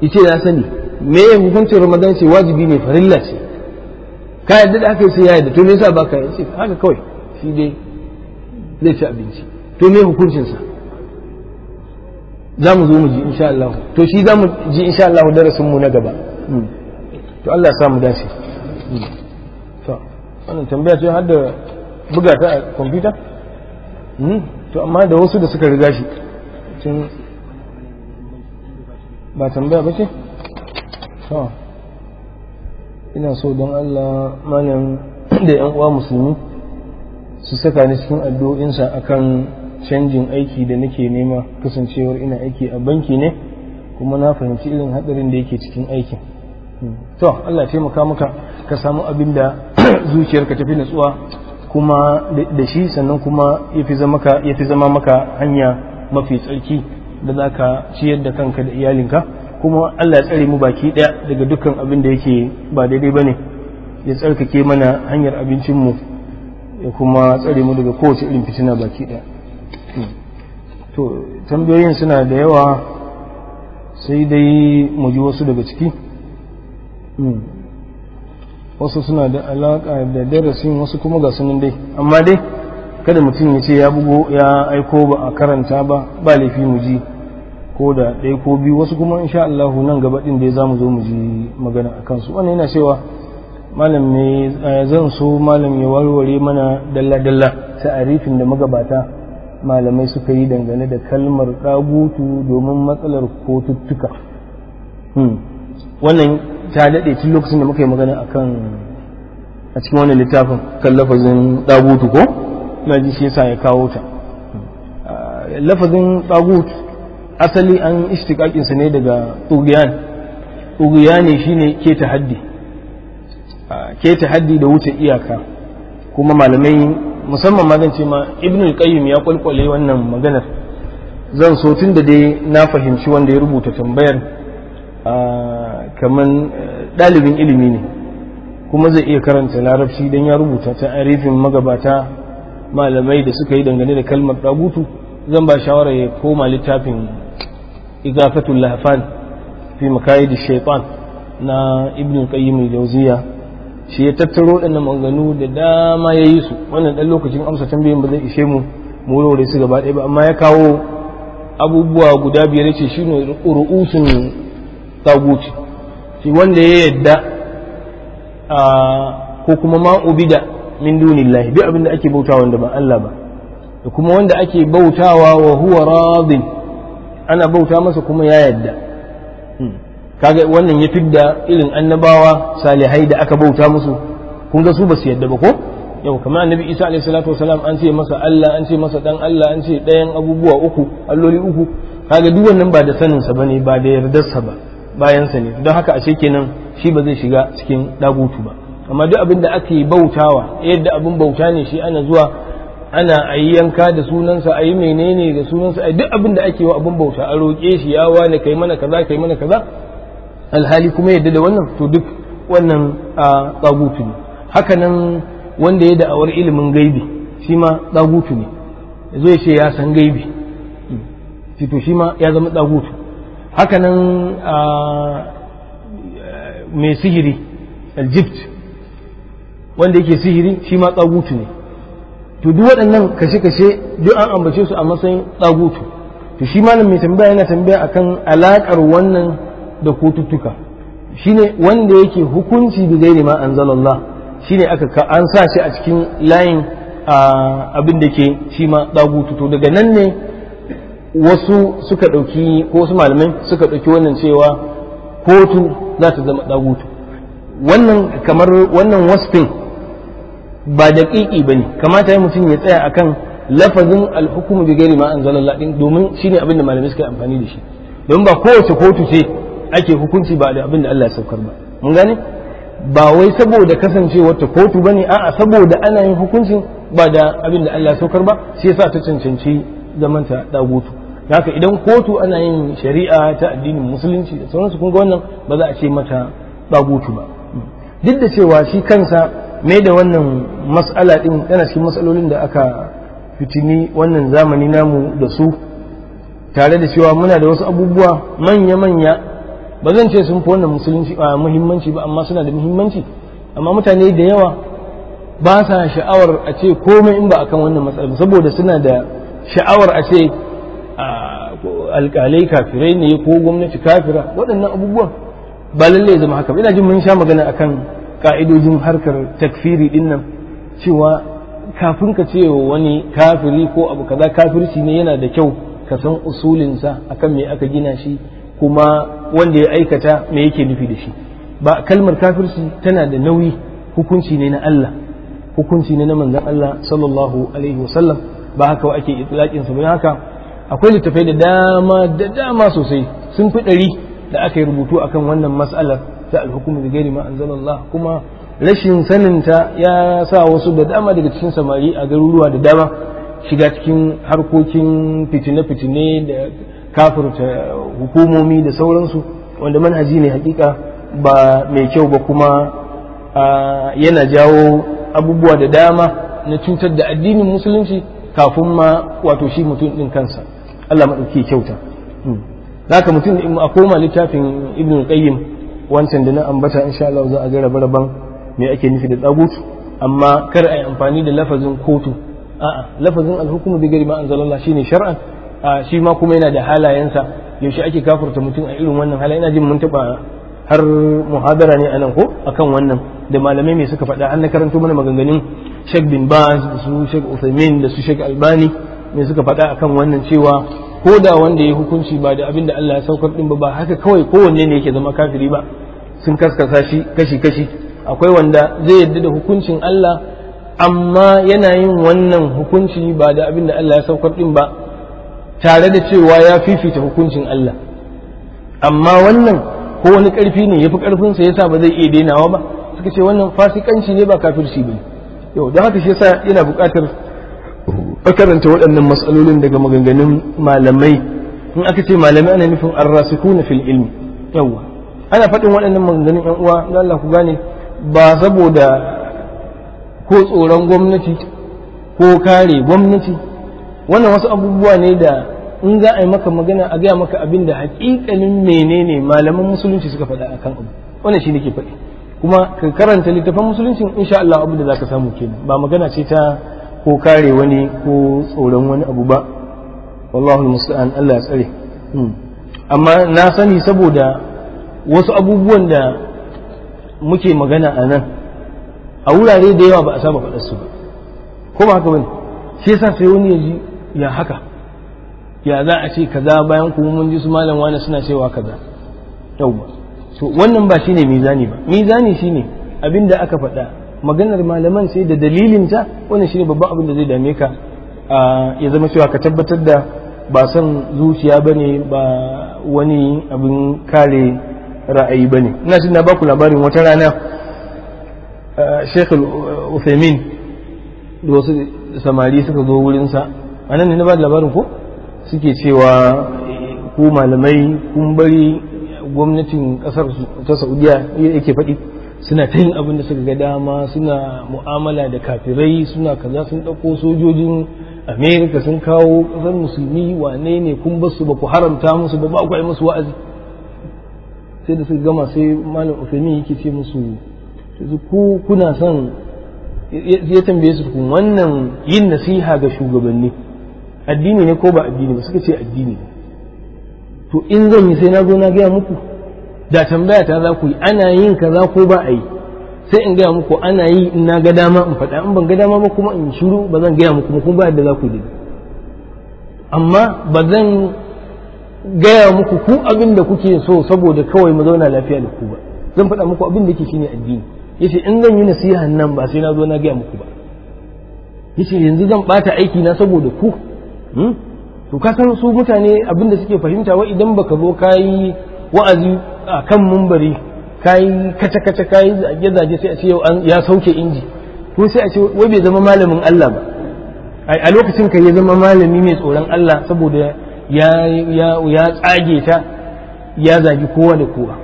Ya ce na sani me hukuncin ramadan ce wajibi ne farilla ce ka yadda da aka yi sai ya yadda to me yasa baka yi haka kawai shi dai zai ci abinci to me hukuncinsa za mu zo mu ji insha Allah to shi za mu ji insha Allah darasin mu na gaba hmm. to Allah ya mu dace hmm. to wannan tambaya ce har da buga ta a kwamfuta hmm. to amma da wasu da suka riga shi cin ba tambaya ba ce to ina so don Allah malam *coughs* da yan uwa musulmi su saka ni cikin addu'o'insa akan canjin aiki da nake nema kasancewar ina aiki a banki ne kuma na fahimci irin hadarin da yake cikin aiki. Hmm. to Allah taimaka maka ka samu abin da *clears throat* zuciyarka tafi natsuwa kuma da shi sannan kuma ya fi zama maka hanya mafi tsarki da za ka ciyar da kanka da iyalinka kuma Allah ya tsare mu baki daya daga dukkan abin da yake ba daidai bane ya tsarkake mana hanyar abincin mu ya kuma tsare mu daga kowace irin fitina baki ɗaya to tambayoyin suna da yawa sai dai mu ji wasu daga ciki wasu suna da alaƙa da darasin wasu kuma ga sunan dai amma dai kada mutum ya ce ya bugo ya aiko ba a karanta ba ba laifi mu ji ko da ɗaya ko biyu wasu kuma insha Allah nan gaba ɗin dai za mu zo mu ji magana a kansu wannan yana cewa malam ne eh, zan so malam ya warware mana dalla-dalla ta'arifin da magabata malamai suka yi dangane da kalmar ɗagutu domin matsalar kotuttuka hmm. wannan ta daɗe tun lokacin da muka yi magana kan a cikin wannan littafin kan lafazin ɗagutu ko na ji shi yasa ya kawo ta hmm. ah, lafazin ɗagutu asali an ishtiƙaƙinsa ne daga ɗugiyan ɗugiya ne shine ke ta haddi keta haddi da wuce iyaka kuma malamai musamman ma zan ce ma al qayyim ya kwalkwale wannan maganar zan so tun da dai na fahimci wanda ya rubuta tambayar kaman eh, ɗalibin ilimi ne kuma zai iya karanta larabci don ya rubuta ta arifin magabata malamai da suka yi dangane da kalmar ɗagutu zan ba shawara ya koma littafin igafatul lahfan fi makayid shaytan na ibn qayyim jauziya shi ya tattaro waɗannan manganu da dama ya yi su wannan ɗan lokacin amsa tambayin ba zai ishe mu mu rore su gaba ɗaya ba amma ya kawo abubuwa guda biyar ce shi ne ru'usun taguti shi wanda ya yadda ko kuma ma ubida min dunillahi bi abin da ake bautawa wanda ba Allah ba da kuma wanda ake bautawa wa huwa radin ana bauta masa kuma ya yadda hmm. kaga wannan ya fidda irin annabawa salihai da aka bauta musu kun ga su ba su yadda ba ko yau kamar annabi isa alayhi salatu wasalam an ce masa Allah an ce masa dan Allah an ce ɗayan abubuwa uku alloli uku kaga duk wannan ba da sanin sa bane ba da yardarsa ba bayan sa ne don haka ashe kenan shi ba zai shiga cikin dagutu ba amma duk abin da ake bautawa yadda abin bauta ne shi ana zuwa ana ayyanka yanka da sunansa ayi menene da sunansa a duk abin da ake wa abin bauta a roƙe shi ya wane kai mana kaza kai mana kaza alhali kuma yadda da wannan to duk wannan tsagutu ne hakanan wanda ya da'awar ilimin gaibi shi ma tsagutu ne zo ya ce ya san gaibi to shi ma ya zama tsagutu hakanan mai sihiri aljibt wanda yake sihiri shi ma tsagutu ne to duk waɗannan kashe-kashe duk an ambace su a matsayin tsagutu to shi malam mai tambaya yana tambaya akan alaƙar wannan da shi shine wanda yake hukunci da gairi ma anzalallah shine aka an sa shi a cikin layin abin da ke shi ma dagutu daga nan ne wasu suka ɗauki ko wasu malamai suka ɗauki wannan cewa kotu za ta zama dagutu wannan kamar wannan wasfin ba da ƙiƙi ba ne kamata yi mutum ya tsaya akan lafazin alhukumu da gairi ma anzalallah din domin shine abin da malamai suka amfani da shi don ba kowace kotu ce ake hukunci ba da abin da Allah ya saukar ba mun gane ba wai saboda kasance ta kotu bane a'a saboda ana yin hukuncin ba da abin da Allah ya saukar ba shi yasa ta cancanci zamanta dagutu haka idan kotu ana yin shari'a ta addinin musulunci da sauransu kun ga wannan ba za a ce mata dagutu ba duk da cewa shi kansa mai da wannan mas'ala din yana cikin matsalolin da aka fitini wannan zamani namu da su tare da cewa muna da wasu abubuwa manya-manya ba zan ce sun fi wannan musulunci ah, muhimmanci ba amma suna da muhimmanci amma mutane da yawa ba sa sha'awar a ce komai in ba akan wannan matsala saboda suna da sha'awar a ce ah, alƙalai kafirai ne ko gwamnati kafira waɗannan abubuwan ba lalle zama haka ina jin mun sha magana akan ka'idojin harkar takfiri din nan cewa kafin ka ce wani kafiri ko abu kaza kafirci ne yana da kyau ka san usulinsa akan me aka gina shi kuma wanda ya aikata me yake nufi da shi ba kalmar kafirci tana da nauyi hukunci ne na Allah hukunci ne na manzon Allah sallallahu alaihi wasallam ba haka ake itlaqin sa ba haka akwai littafai da dama da dama sosai sun fi ɗari da aka yi rubutu akan wannan mas'alar ta alhukumu da gairi ma anzalallah kuma rashin saninta ya sa wasu da dama daga cikin samari a garuruwa da dama shiga cikin harkokin fitine-fitine da kafirta hukumomi da sauransu wanda manhaji ne hakika ba mai kyau ba kuma yana jawo abubuwa da dama na cutar da addinin musulunci kafin ma wato shi mutum ɗin kansa Allah maɗauki kyauta hmm. Za ka mutum a koma littafin ibn qayyim wancan da na ambata insha Allah za a ga rabe mai me ake nufi da tsagut amma kar a yi amfani da lafazin kotu a'a lafazin alhukumu bi gari ma anzalallah shine shar'an shi ma kuma yana da halayensa yaushe ake kafurta mutum a irin wannan halaye ina jin mun taɓa har muhadara ne anan ko akan wannan da malamai mai suka faɗa an na karanto mana maganganun Sheikh bin Baz da su Sheikh Uthaymeen da su Sheikh Albani mai suka faɗa akan wannan cewa ko da wanda ya hukunci ba da abin da Allah ya saukar din ba haka kawai kowanne ne yake zama kafiri ba sun kaskasa shi kashi kashi akwai wanda zai yarda da hukuncin Allah amma yana yin wannan hukunci ba da abin da Allah ya saukar din ba tare da cewa ya fifita hukuncin Allah amma wannan ko wani ƙarfi ne ya fi ƙarfinsa yasa ba zai iya dainawa ba suka ce wannan fasikanci ne ba kafirci ba yau don haka shi yasa yana buƙatar a karanta waɗannan matsalolin daga maganganun malamai in aka ce malamai ana nufin arrasikuna fil ilmi yawa ana faɗin waɗannan maganganun yan uwa da Allah ku gane ba saboda ko tsoron gwamnati ko kare gwamnati wannan wasu abubuwa ne da in za a yi maka magana a gaya maka abin da hakikalin menene malaman musulunci suka faɗa akan abu wannan shi nake faɗi kuma ka karanta littafin musuluncin insha Allah abin da ka samu kenan ba magana ce ta ko kare wani ko tsoron wani abu ba wallahu musta'an Allah ya tsare hmm. amma na sani saboda wasu abubuwan da muke magana a nan a wurare da yawa ba a saba faɗa su ba ko ba haka bane shi yasa sai wani ya ji ya haka ya za a ce kaza bayan kuma mun ji su malam wani suna cewa kaza yauwa to wannan ba shine mizani ba mizani shine abin da aka faɗa maganar malaman sai da dalilin ta wannan shine babban abin da zai dame ka ya zama cewa ka tabbatar da ba son zuciya ba ne ba wani abin kare ra'ayi ba ne ina shi na baku labarin wata rana sheikh al da wasu samari suka zo wurinsa a nan ne na ba da labarin ko suke cewa ku malamai kun bari gwamnatin kasar ta saudiya yake faɗi suna ta yin abin da suka ga dama suna mu'amala da kafirai suna kaza sun ɗauko sojojin amerika sun kawo ƙasar musulmi wane ne kun su ba ku haramta musu ba ba ku yi musu wa'azi sai da suka gama sai malam ufemi yake ce musu ku kuna son ya tambaye su wannan yin nasiha ga shugabanni addini ne ko ba addini ba suka ce addini ne to in zan yi sai na zo na gaya muku da tambaya ta za ku yi ana yin kaza ko ba a yi sai in gaya muku ana yi in na ga dama in faɗa in ban ga dama ba kuma in shiru ba zan gaya muku kuma ba yadda za ku yi amma ba zan gaya muku ku abin da kuke so saboda kawai mu zauna lafiya da ku ba zan faɗa muku abin da yake shine addini yace in zan yi nasiha nan ba sai na zo na gaya muku ba yace yanzu zan bata aiki na saboda ku Hmm? to ka san su mutane abin da suke fahimta wa idan baka zo kayi wa'azi a kan mumbari kace kaca kaca kayi zage zage sai a ce ya sauke inji ko sai a ce wai bai zama malamin Allah ba a lokacin ka ya zama malami mai tsoron Allah saboda ya tsage ta ya zagi kowa da kowa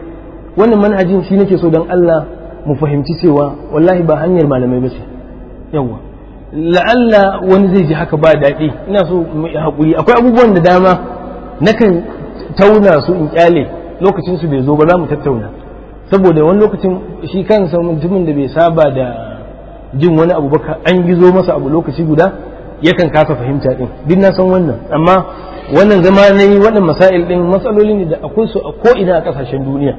wannan manhajin shi nake so don Allah mu fahimci cewa wallahi ba hanyar malamai ba ce yawwa la'alla wani zai ji haka ba daɗi ina so mu haƙuri akwai abubuwan da dama nakan tauna su in kyale lokacin su bai zo ba za mu tattauna saboda wani lokacin shi kansa mutumin da bai saba da jin wani abu baka an gizo masa abu lokaci guda yakan kasa fahimta din duk na san wannan amma wannan zama na yi waɗannan masail ɗin, matsaloli ne da akwai su a ko'ina ina a kasashen duniya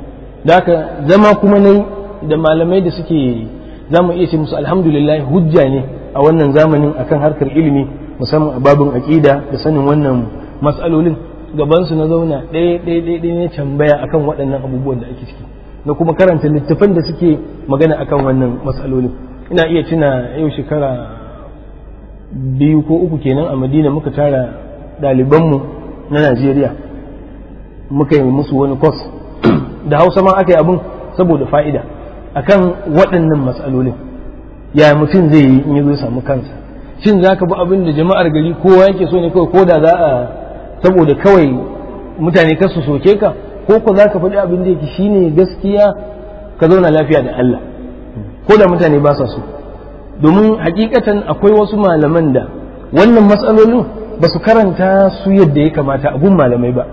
da haka zama kuma na yi da malamai da suke za mu iya ce musu alhamdulillah hujja ne a wannan zamanin akan harkar ilimi musamman a babin aƙida da sanin wannan matsalolin gabansu na zauna ɗaya ɗaya ɗaya na tambaya akan waɗannan abubuwan da ake ciki na kuma karanta littafan da suke magana akan wannan matsalolin ina iya cina yau shekara biyu ko uku kenan a madina muka tara ɗalibanmu na najeriya muka yi musu wani kwas da hausa ma aka yi abin saboda fa'ida akan waɗannan matsalolin ya mutum zai yi in zo samu kansa shin ka bi abin da jama'ar gari kowa yake so ne kawai ko da za a saboda kawai mutane kasu soke ka ko ko ka faɗi abin da yake shine gaskiya ka zauna lafiya da Allah ko da mutane ba sa so domin hakikatan akwai wasu malaman da wannan matsalolin ba su karanta su yadda ya kamata abun malamai ba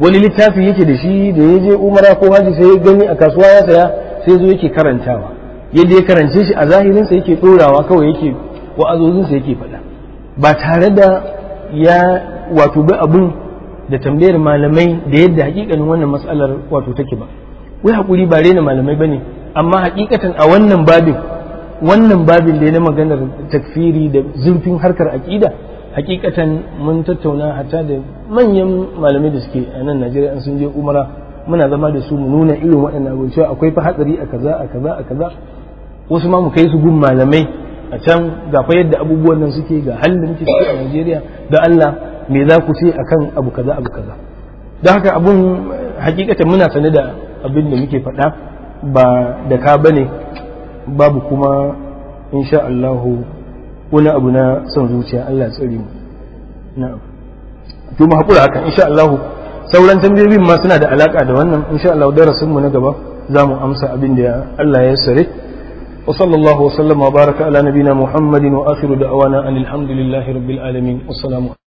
wani littafi yake da shi da ya je umara ko haji sai ya gani a kasuwa ya saya sai zo yake karantawa yadda ya karance shi a zahirinsa yake ɗorawa kawai yake wa'azozinsa yake faɗa ba tare da ya wato bi abin da tambayar malamai da yadda hakikanin wannan matsalar wato take ba wai hakuri ba rena malamai ba ne amma hakikatan a wannan babin wannan babin da ya na maganar takfiri da zurfin harkar aƙida hakikatan mun tattauna hatta da manyan malamai da suke a nan najeriya an sun je umara muna zama da su mu nuna irin waɗannan cewa akwai fa hatsari a kaza a kaza a kaza wasu ma mu kai su gun malamai a can ga fa yadda abubuwan nan suke ga halin da muke ciki a Najeriya da Allah me za ku ce akan abu kaza abu kaza don haka abun hakikatan muna sane da abin da muke faɗa ba da ka bane babu kuma insha Allah wani abu na son zuciya Allah tsare mu na'am to mu hakura hakan insha Allah sauran tambayoyin ma suna da alaka da wannan insha Allah darasin mu na gaba za mu amsa abin da Allah ya sare وصلى الله وسلم وبارك على نبينا محمد وآخر دعوانا أن الحمد لله رب العالمين والسلام